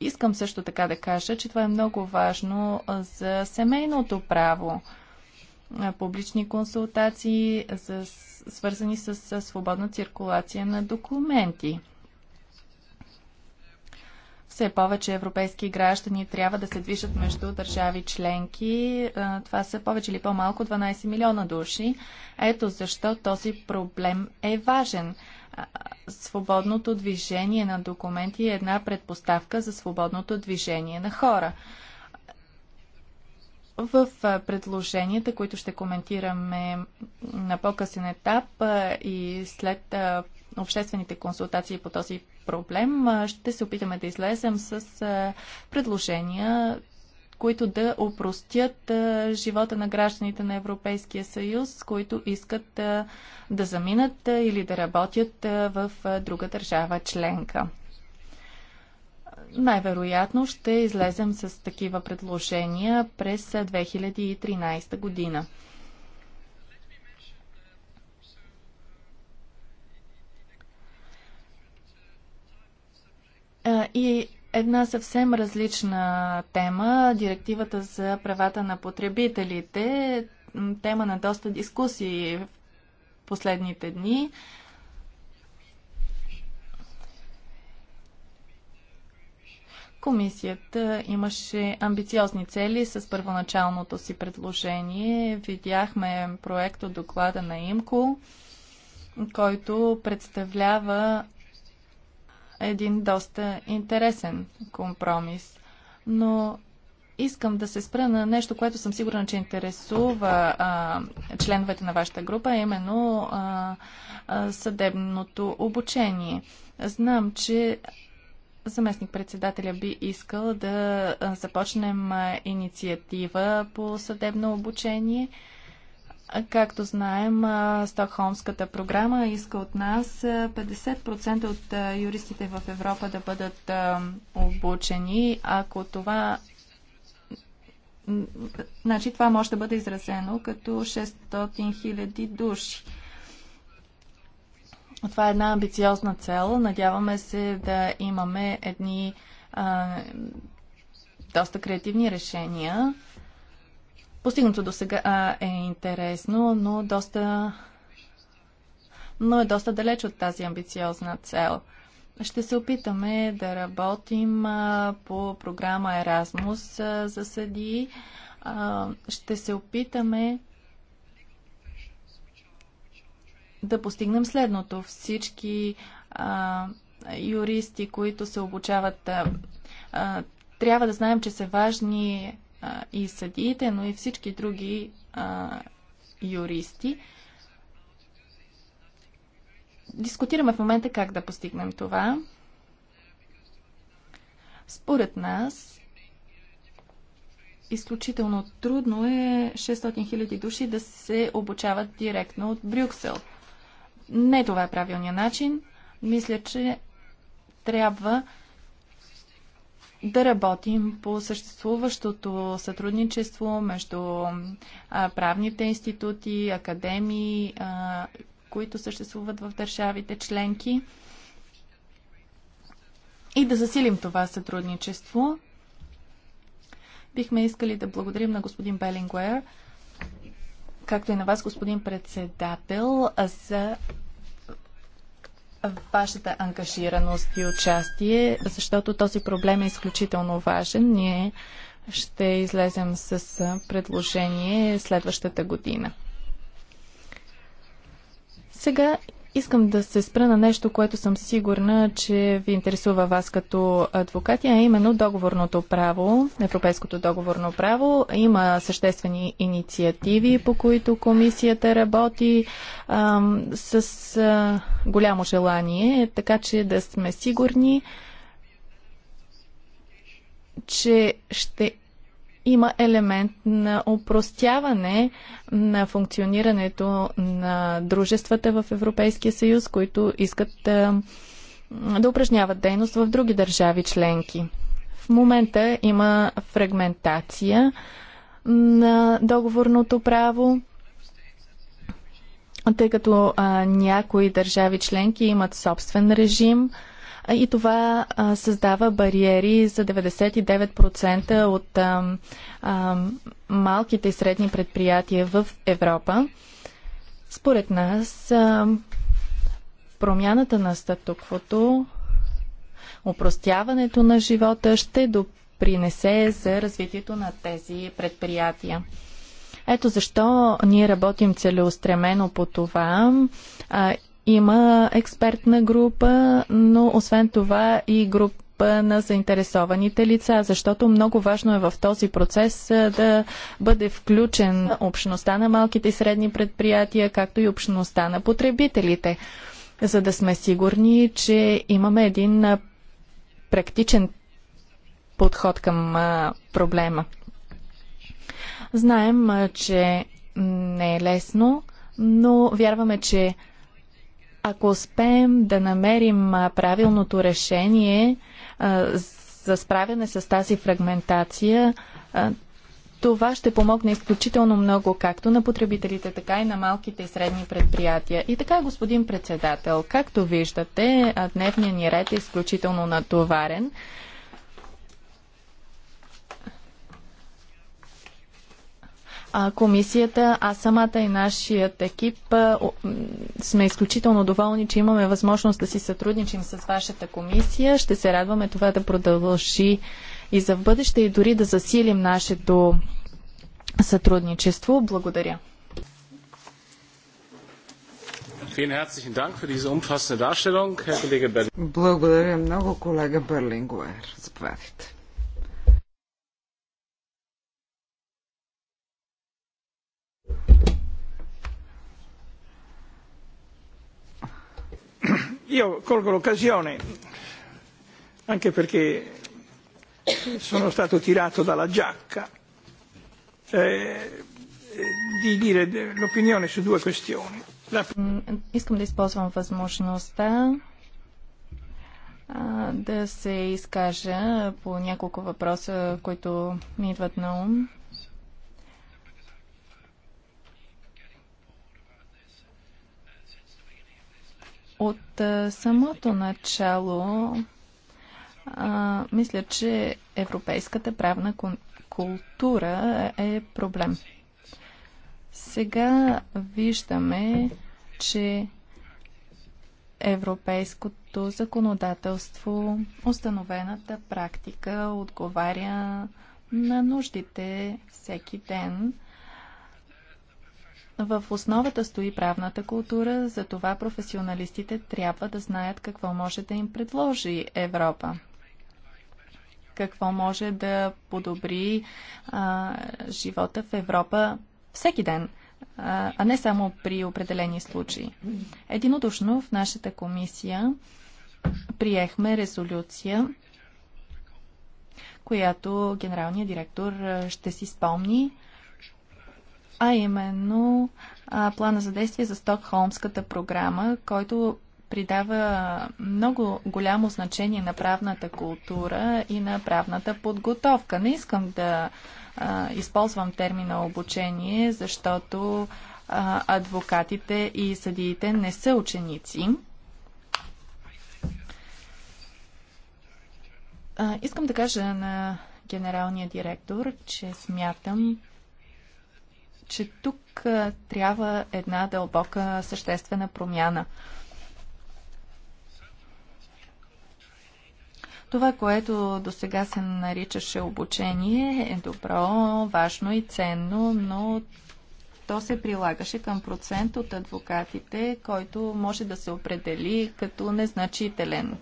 Искам също така да кажа, че това е много важно за семейното право публични консултации, с, свързани с, с свободна циркулация на документи. Все повече европейски граждани трябва да се движат между държави членки. Това са повече или по-малко 12 милиона души. Ето защо този проблем е важен. Свободното движение на документи е една предпоставка за свободното движение на хора. В предложенията, които ще коментираме на по-късен етап и след обществените консултации по този проблем, ще се опитаме да излезем с предложения, които да опростят живота на гражданите на Европейския съюз, които искат да заминат или да работят в друга държава членка най-вероятно ще излезем с такива предложения през 2013 година. И една съвсем различна тема директивата за правата на потребителите тема на доста дискусии в последните дни. Комисията имаше амбициозни цели с първоначалното си предложение. Видяхме проект от доклада на ИМКО, който представлява един доста интересен компромис. Но искам да се спра на нещо, което съм сигурна, че интересува а, членовете на вашата група, а именно а, а, съдебното обучение. Знам, че Заместник-председателя би искал да започнем инициатива по съдебно обучение. Както знаем, Стокхолмската програма иска от нас 50% от юристите в Европа да бъдат обучени. Ако това Значи това може да бъде изразено като 600 000 души. Това е една амбициозна цел. Надяваме се да имаме едни а, доста креативни решения. Постигнато до сега е интересно, но, доста, но е доста далеч от тази амбициозна цел. Ще се опитаме да работим по програма Erasmus за съдии. Ще се опитаме да постигнем следното. Всички а, юристи, които се обучават, а, а, трябва да знаем, че са важни а, и съдиите, но и всички други а, юристи. Дискутираме в момента как да постигнем това. Според нас, изключително трудно е 600 000 души да се обучават директно от Брюксел. Не това е правилният начин. Мисля, че трябва да работим по съществуващото сътрудничество между правните институти, академии, които съществуват в държавите членки и да засилим това сътрудничество. Бихме искали да благодарим на господин Белингуер както и на вас, господин председател, за вашата ангажираност и участие, защото този проблем е изключително важен. Ние ще излезем с предложение следващата година. Сега Искам да се спра на нещо, което съм сигурна, че ви интересува вас като адвокати, а именно договорното право, европейското договорно право. Има съществени инициативи, по които комисията работи ам, с а, голямо желание, така че да сме сигурни, че ще има елемент на упростяване на функционирането на дружествата в Европейския съюз, които искат да, да упражняват дейност в други държави членки. В момента има фрагментация на договорното право, тъй като а, някои държави членки имат собствен режим – и това а, създава бариери за 99% от а, а, малките и средни предприятия в Европа. Според нас а, промяната на статуквото, упростяването на живота ще допринесе за развитието на тези предприятия. Ето защо ние работим целеустремено по това а, има експертна група, но освен това и група на заинтересованите лица, защото много важно е в този процес да бъде включен общността на малките и средни предприятия, както и общността на потребителите, за да сме сигурни, че имаме един практичен подход към проблема. Знаем, че не е лесно, но вярваме, че ако успеем да намерим правилното решение за справяне с тази фрагментация, това ще помогне изключително много както на потребителите, така и на малките и средни предприятия. И така, господин председател, както виждате, дневният ни ред е изключително натоварен. комисията, аз самата и нашият екип сме изключително доволни, че имаме възможност да си сътрудничим с вашата комисия. Ще се радваме това да продължи и за в бъдеще и дори да засилим нашето сътрудничество. Благодаря. Благодаря много, колега Берлингуер. Заповядайте. io colgo l'occasione, anche perché sono stato tirato dalla giacca, di dire l'opinione su due questioni. Искам да използвам възможността да се изкажа по няколко въпроса, които ми идват на ум. От а, самото начало а, мисля, че европейската правна култура е проблем. Сега виждаме, че европейското законодателство, установената практика отговаря на нуждите всеки ден в основата стои правната култура, за това професионалистите трябва да знаят какво може да им предложи Европа. Какво може да подобри а, живота в Европа всеки ден, а, а не само при определени случаи. Единодушно в нашата комисия приехме резолюция, която генералният директор ще си спомни а именно а, плана за действие за Стокхолмската програма, който придава много голямо значение на правната култура и на правната подготовка. Не искам да а, използвам термина обучение, защото а, адвокатите и съдиите не са ученици. А, искам да кажа на генералния директор, че смятам, че тук трябва една дълбока съществена промяна. Това, което до сега се наричаше обучение, е добро, важно и ценно, но то се прилагаше към процент от адвокатите, който може да се определи като незначителен.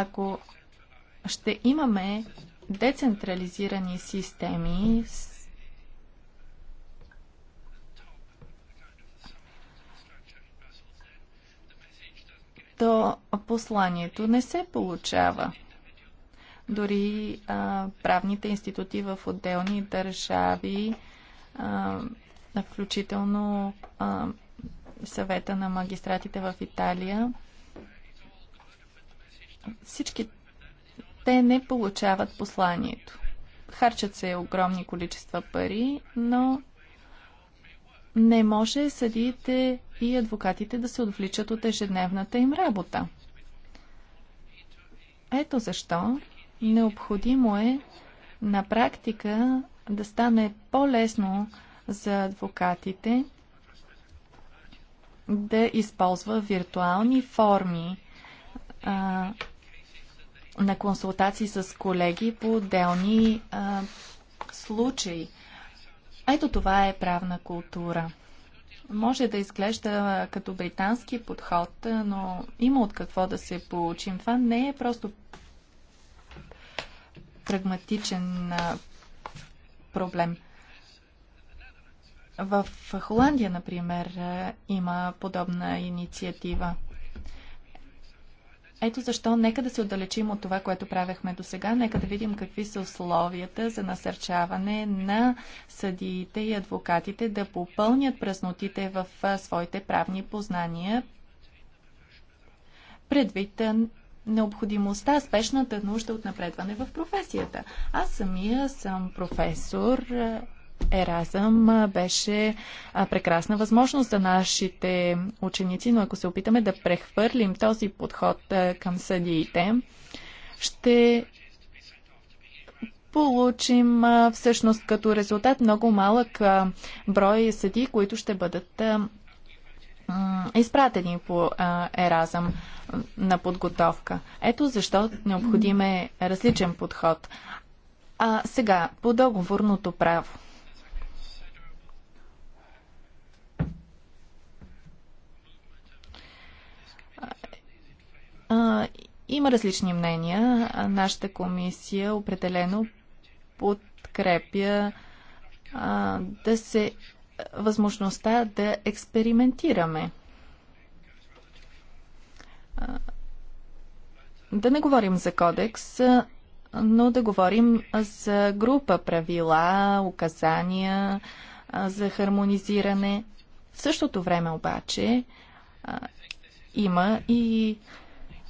Ако ще имаме децентрализирани системи, то посланието не се получава. Дори а, правните институти в отделни държави, а, включително а, съвета на магистратите в Италия, всички те не получават посланието. Харчат се огромни количества пари, но не може съдиите и адвокатите да се отвличат от ежедневната им работа. Ето защо необходимо е на практика да стане по-лесно за адвокатите да използва виртуални форми а, на консултации с колеги по отделни а, случаи. Ето това е правна култура. Може да изглежда като британски подход, но има от какво да се получим. Това не е просто прагматичен а, проблем. В Холандия, например, има подобна инициатива. Ето защо нека да се отдалечим от това, което правехме до сега. Нека да видим какви са условията за насърчаване на съдиите и адвокатите да попълнят празнотите в своите правни познания предвид необходимостта, спешната нужда от напредване в професията. Аз самия съм професор Еразъм беше прекрасна възможност за нашите ученици, но ако се опитаме да прехвърлим този подход към съдиите, ще получим всъщност като резултат много малък брой съди, които ще бъдат изпратени по Еразъм на подготовка. Ето защо необходим е различен подход. А сега по договорното право. А, има различни мнения. Нашата комисия определено подкрепя а, да се възможността да експериментираме. А, да не говорим за кодекс, но да говорим за група правила, указания за хармонизиране. В същото време обаче а, има и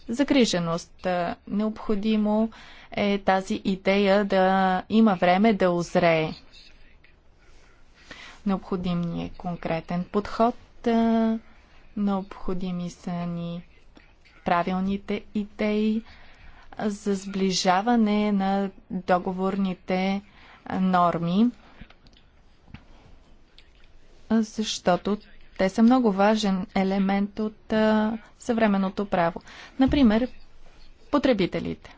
загриженост. Е, необходимо е тази идея да има време да озрее. Необходим ни е конкретен подход, е, необходими са ни правилните идеи за сближаване на договорните норми, защото те са много важен елемент от а, съвременното право. Например, потребителите.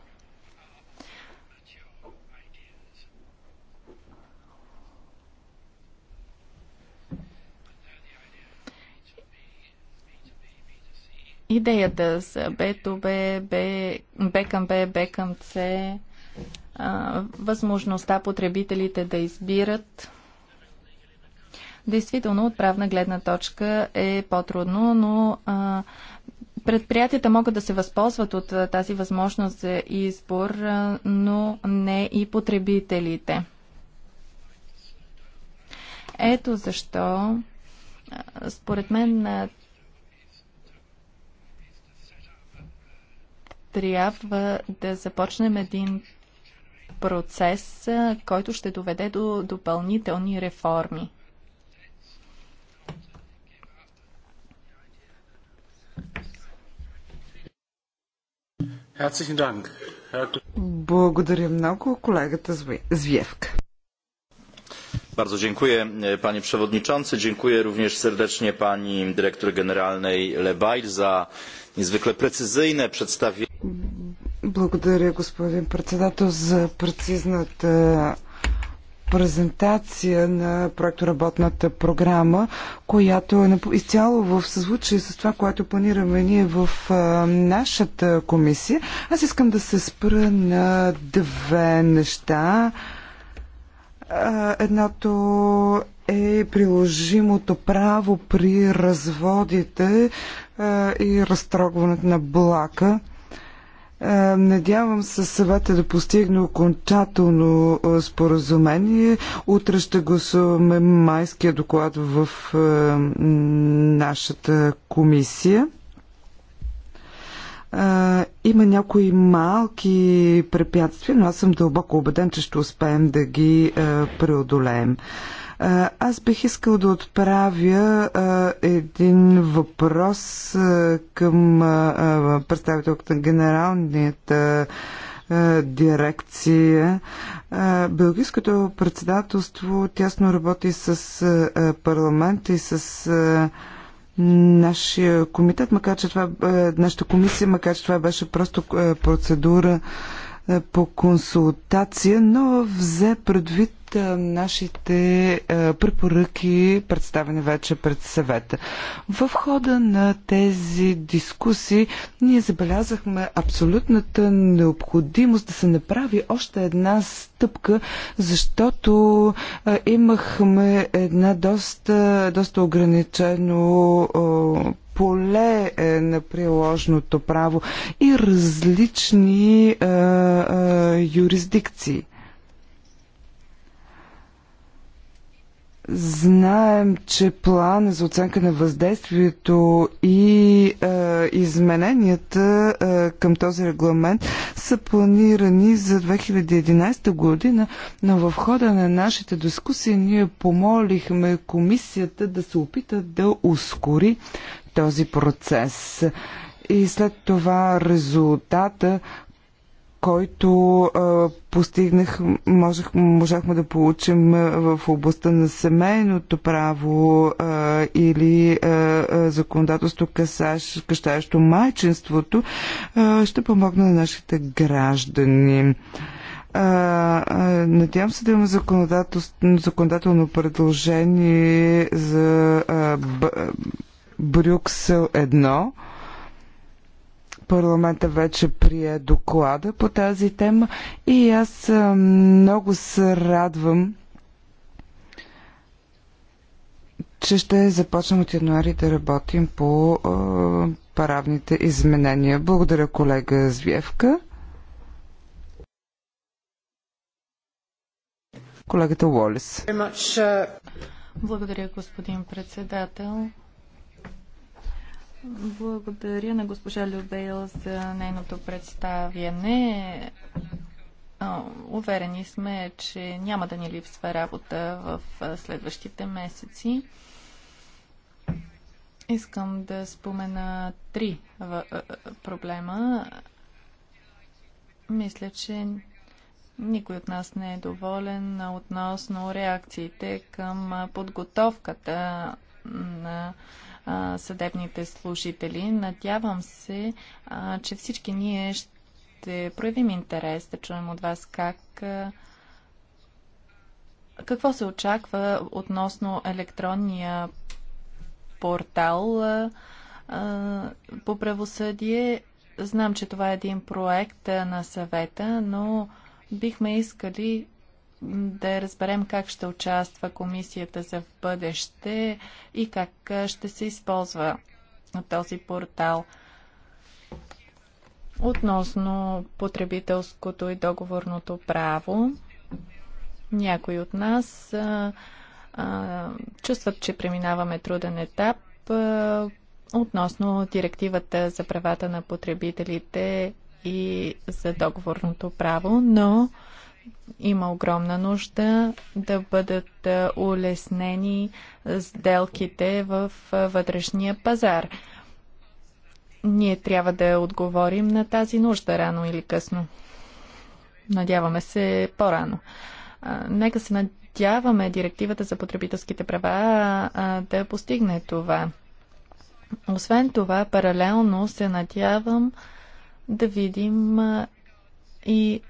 Идеята за Б B, Б, Б към Б, Б към С, възможността потребителите да избират Действително, от правна гледна точка е по-трудно, но а, предприятията могат да се възползват от а, тази възможност за избор, а, но не и потребителите. Ето защо, а, според мен, а, трябва да започнем един процес, който ще доведе до допълнителни реформи. Благодаря много, колегата Звиевка. Bardzo dziękuję panie przewodniczący, dziękuję również serdecznie pani dyrektor generalnej Lebail za niezwykle precyzyjne przedstawienie. Благодаря, господин председател, за прецизната презентация на проектоработната програма, която е изцяло в съзвучие с това, което планираме ние в нашата комисия. Аз искам да се спра на две неща. Едното е приложимото право при разводите и разтрогването на блака. Е, надявам се съвета да постигне окончателно е, споразумение. Утре ще гласуваме майския доклад в е, нашата комисия. Има някои малки препятствия, но аз съм дълбоко убеден, че ще успеем да ги преодолеем. Аз бих искал да отправя един въпрос към представителката на генералната дирекция. Белгийското председателство тясно работи с парламент и с нашия комитет, макар че това, нашата комисия, макар че това беше просто процедура е, по консултация, но взе предвид е, нашите е, препоръки, представени вече пред съвета. В хода на тези дискусии ние забелязахме абсолютната необходимост да се направи още една стъпка, защото имахме една доста, доста ограничено поле е на приложното право и различни а, е, а, е, юрисдикции. Знаем, че плана за оценка на въздействието и е, измененията е, към този регламент са планирани за 2011 година, но в хода на нашите дискусии ние помолихме комисията да се опита да ускори този процес. И след това резултата, който а, постигнах, можех, можехме да получим в областта на семейното право а, или а, законодателство, къщащо майчинството, а, ще помогна на нашите граждани. Надявам се да има законодателно, законодателно предложение за а, б, Брюксел 1. Парламента вече прие доклада по тази тема и аз много се радвам, че ще започнем от януари да работим по правните изменения. Благодаря, колега Звиевка. Колегата Уолис. Благодаря, господин председател. Благодаря на госпожа Любейл за нейното представяне. Уверени сме, че няма да ни липсва работа в следващите месеци. Искам да спомена три проблема. Мисля, че никой от нас не е доволен относно реакциите към подготовката на съдебните служители. Надявам се, а, че всички ние ще проявим интерес да чуем от вас как. А, какво се очаква относно електронния портал а, по правосъдие? Знам, че това е един проект на съвета, но бихме искали да разберем как ще участва комисията за в бъдеще и как ще се използва този портал. Относно потребителското и договорното право, някои от нас а, а, чувстват, че преминаваме труден етап а, относно директивата за правата на потребителите и за договорното право, но има огромна нужда да бъдат улеснени сделките в вътрешния пазар. Ние трябва да отговорим на тази нужда рано или късно. Надяваме се по-рано. Нека се надяваме директивата за потребителските права да постигне това. Освен това, паралелно се надявам да видим и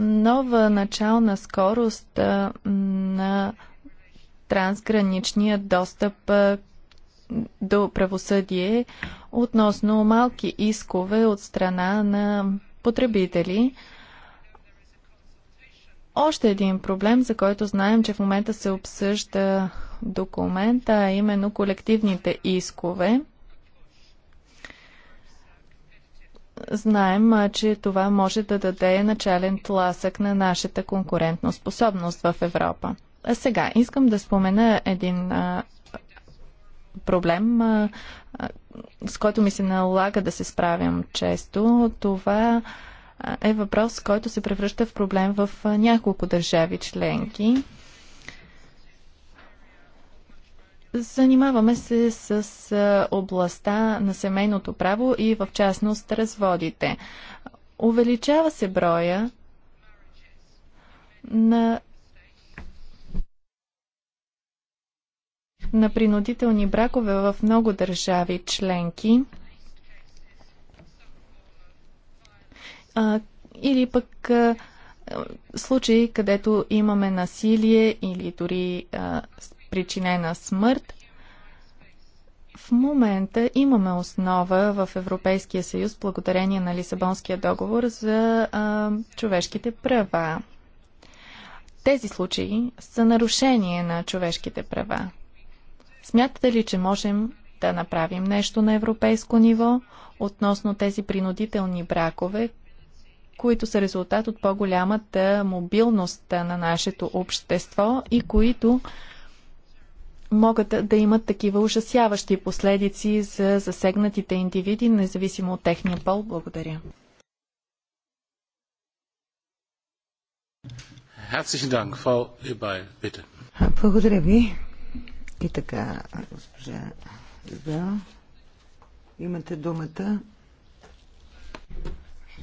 нова начална скорост на трансграничния достъп до правосъдие относно малки искове от страна на потребители. Още един проблем, за който знаем, че в момента се обсъжда документа, а именно колективните искове – знаем, че това може да даде начален тласък на нашата конкурентна способност в Европа. А сега искам да спомена един а, проблем, а, с който ми се налага да се справям често. Това е въпрос, който се превръща в проблем в няколко държави членки. Занимаваме се с областта на семейното право и в частност разводите. Увеличава се броя на на принудителни бракове в много държави членки или пък случаи, където имаме насилие или дори а, причинена смърт. В момента имаме основа в Европейския съюз, благодарение на Лисабонския договор за а, човешките права. Тези случаи са нарушение на човешките права. Смятате ли, че можем да направим нещо на европейско ниво относно тези принудителни бракове, които са резултат от по-голямата мобилност на нашето общество и които могат да имат такива ужасяващи последици за засегнатите индивиди, независимо от техния пол. Благодаря. Благодаря ви. И така, госпожа да. Имате думата.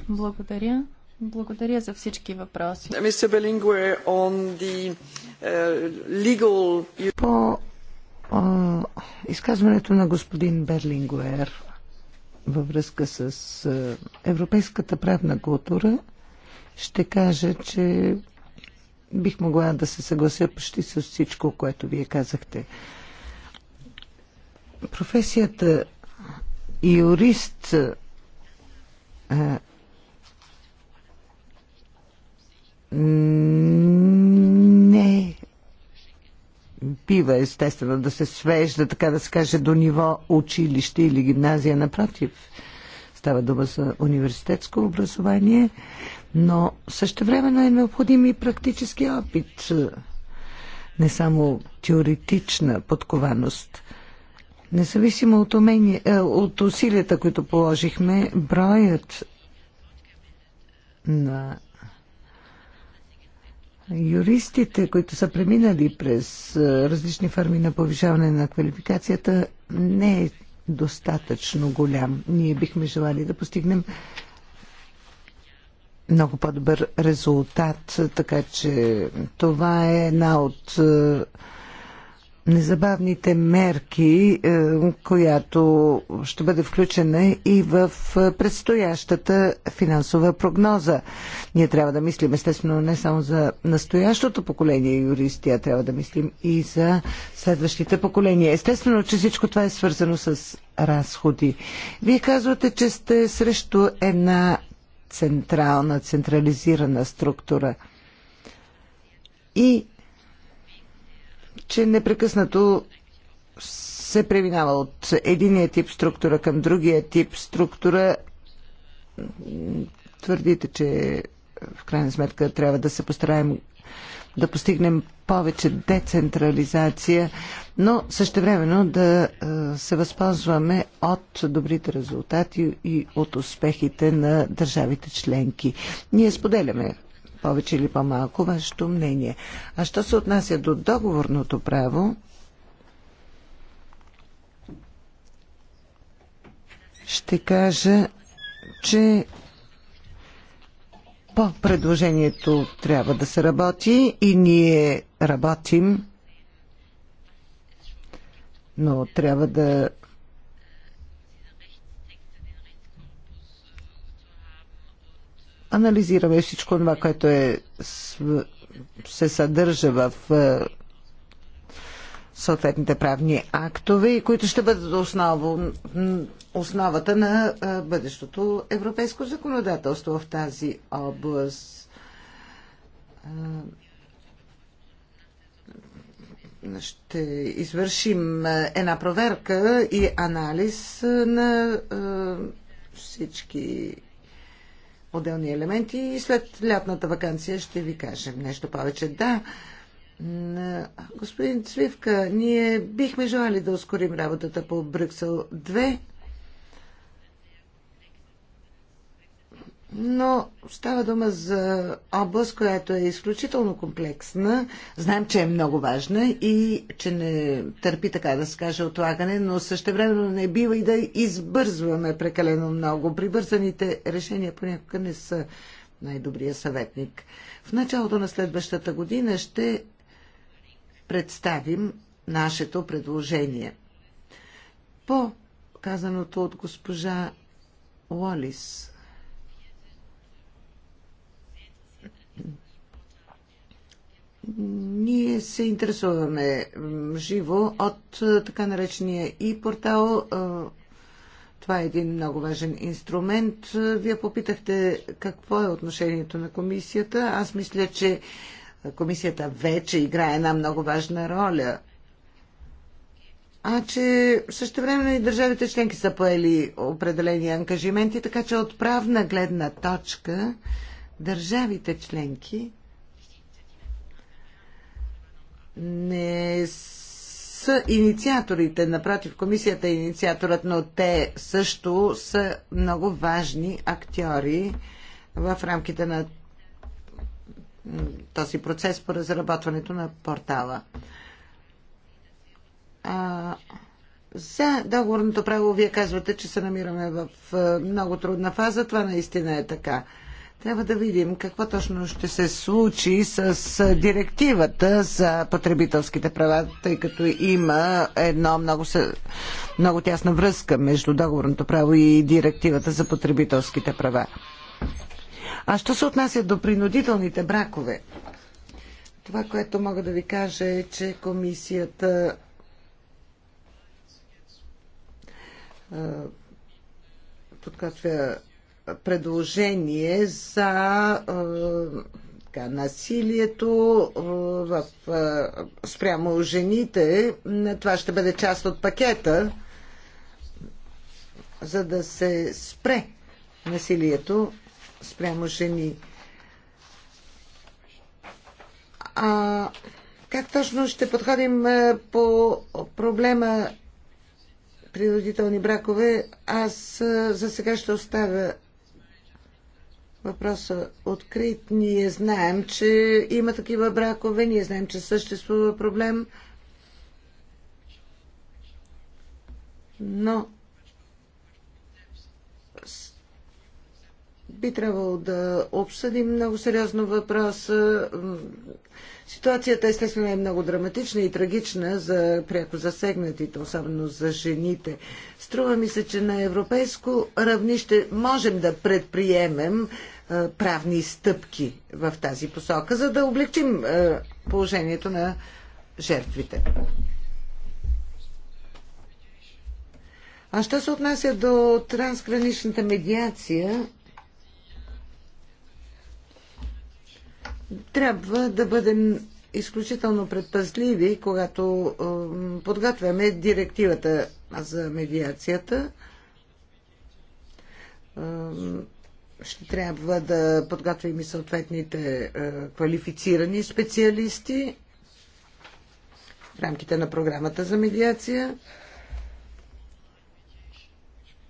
Благодаря. Благодаря за всички въпроси. Uh, По изказването на господин Берлингуер във връзка с а, европейската правна култура ще кажа, че бих могла да се съглася почти с всичко, което вие казахте. Професията юрист а, бива естествено да се свежда, така да се каже, до ниво училище или гимназия. Напротив, става дума за университетско образование, но също времено е необходим и практически опит, не само теоретична подкованост. Независимо от, умение, е, от усилията, които положихме, броят на Юристите, които са преминали през е, различни форми на повишаване на квалификацията, не е достатъчно голям. Ние бихме желали да постигнем много по-добър резултат, така че това е една от е, незабавните мерки, е, която ще бъде включена и в предстоящата финансова прогноза. Ние трябва да мислим, естествено, не само за настоящото поколение юристи, а трябва да мислим и за следващите поколения. Естествено, че всичко това е свързано с разходи. Вие казвате, че сте срещу една централна, централизирана структура. И че непрекъснато се преминава от единия тип структура към другия тип структура. Твърдите, че в крайна сметка трябва да се постараем да постигнем повече децентрализация, но същевременно да е, се възползваме от добрите резултати и от успехите на държавите членки. Ние споделяме повече или по-малко вашето мнение. А що се отнася до договорното право, ще кажа, че по предложението трябва да се работи и ние работим, но трябва да анализираме всичко това, което е, се съдържа в е, съответните правни актове и които ще бъдат основа, основата на е, бъдещото европейско законодателство в тази област. Е, ще извършим една проверка и анализ на всички отделни елементи и след лятната вакансия ще ви кажем нещо повече. Да, господин Цвивка, ние бихме желали да ускорим работата по Брюксел 2. но става дума за област, която е изключително комплексна. Знаем, че е много важна и че не търпи, така да се каже, отлагане, но същевременно не бива и да избързваме прекалено много. Прибързаните решения понякога не са най-добрия съветник. В началото на следващата година ще представим нашето предложение. По казаното от госпожа Уолис – Ние се интересуваме живо от така наречения и портал. Това е един много важен инструмент. Вие попитахте какво е отношението на комисията. Аз мисля, че комисията вече играе една много важна роля. А че също време и държавите членки са поели определени ангажименти, така че от правна гледна точка държавите членки не са инициаторите. Напротив, комисията е инициаторът, но те също са много важни актьори в рамките на този процес по разработването на портала. А, за договорното право вие казвате, че се намираме в много трудна фаза. Това наистина е така. Трябва да видим какво точно ще се случи с директивата за потребителските права, тъй като има едно много, много тясна връзка между договорното право и директивата за потребителските права. А що се отнася до принудителните бракове? Това, което мога да ви кажа е, че комисията подготвя предложение за е, така, насилието е, в, в, е, спрямо жените. Това ще бъде част от пакета, за да се спре насилието спрямо жени. А как точно ще подходим по проблема принудителни бракове? Аз за сега ще оставя въпроса открит. Ние знаем, че има такива бракове, ние знаем, че съществува проблем. Но би трябвало да обсъдим много сериозно въпроса. Ситуацията естествено е много драматична и трагична за пряко засегнатите, особено за жените. Струва ми се, че на европейско равнище можем да предприемем правни стъпки в тази посока, за да облегчим положението на жертвите. А що се отнася до трансграничната медиация, трябва да бъдем изключително предпазливи, когато подготвяме директивата за медиацията ще трябва да подготвим и съответните е, квалифицирани специалисти в рамките на програмата за медиация.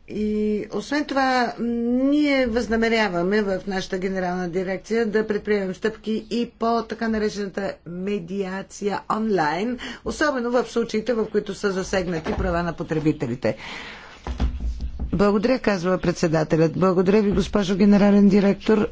И освен това, ние възнамеряваме в нашата генерална дирекция да предприемем стъпки и по така наречената медиация онлайн, особено в случаите, в които са засегнати права на потребителите. Благодаря, казва председателят. Благодаря ви, госпожо генерален директор.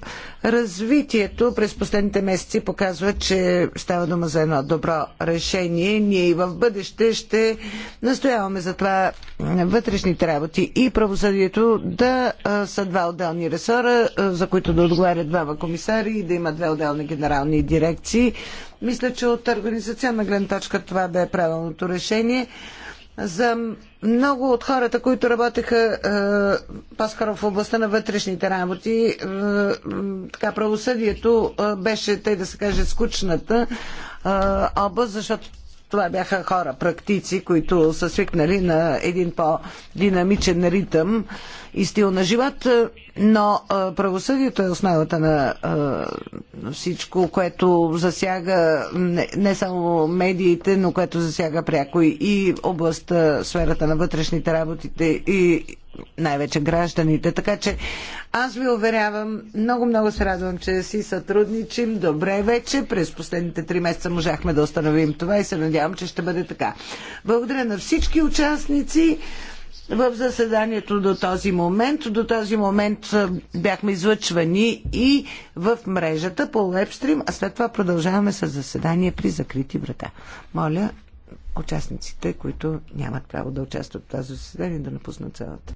Развитието през последните месеци показва, че става дума за едно добро решение. Ние и в бъдеще ще настояваме за това вътрешните работи и правосъдието да са два отделни ресора, за които да отговарят двама комисари и да има две отделни генерални дирекции. Мисля, че от организационна гледна точка това бе правилното решение за много от хората, които работеха е, по-скоро в областта на вътрешните работи, е, така правосъдието е, беше, тъй да се каже, скучната е, област, защото това бяха хора, практици, които са свикнали на един по-динамичен ритъм и стил на живот, е, но е, правосъдието е основата на е, всичко, което засяга не само медиите, но което засяга пряко и областта, сферата на вътрешните работите и най-вече гражданите. Така че аз ви уверявам, много-много се радвам, че си сътрудничим. Добре вече. През последните три месеца можахме да установим това и се надявам, че ще бъде така. Благодаря на всички участници в заседанието до този момент. До този момент бяхме излъчвани и в мрежата по вебстрим, а след това продължаваме с заседание при закрити врата. Моля участниците, които нямат право да участват в тази заседание, да напуснат залата.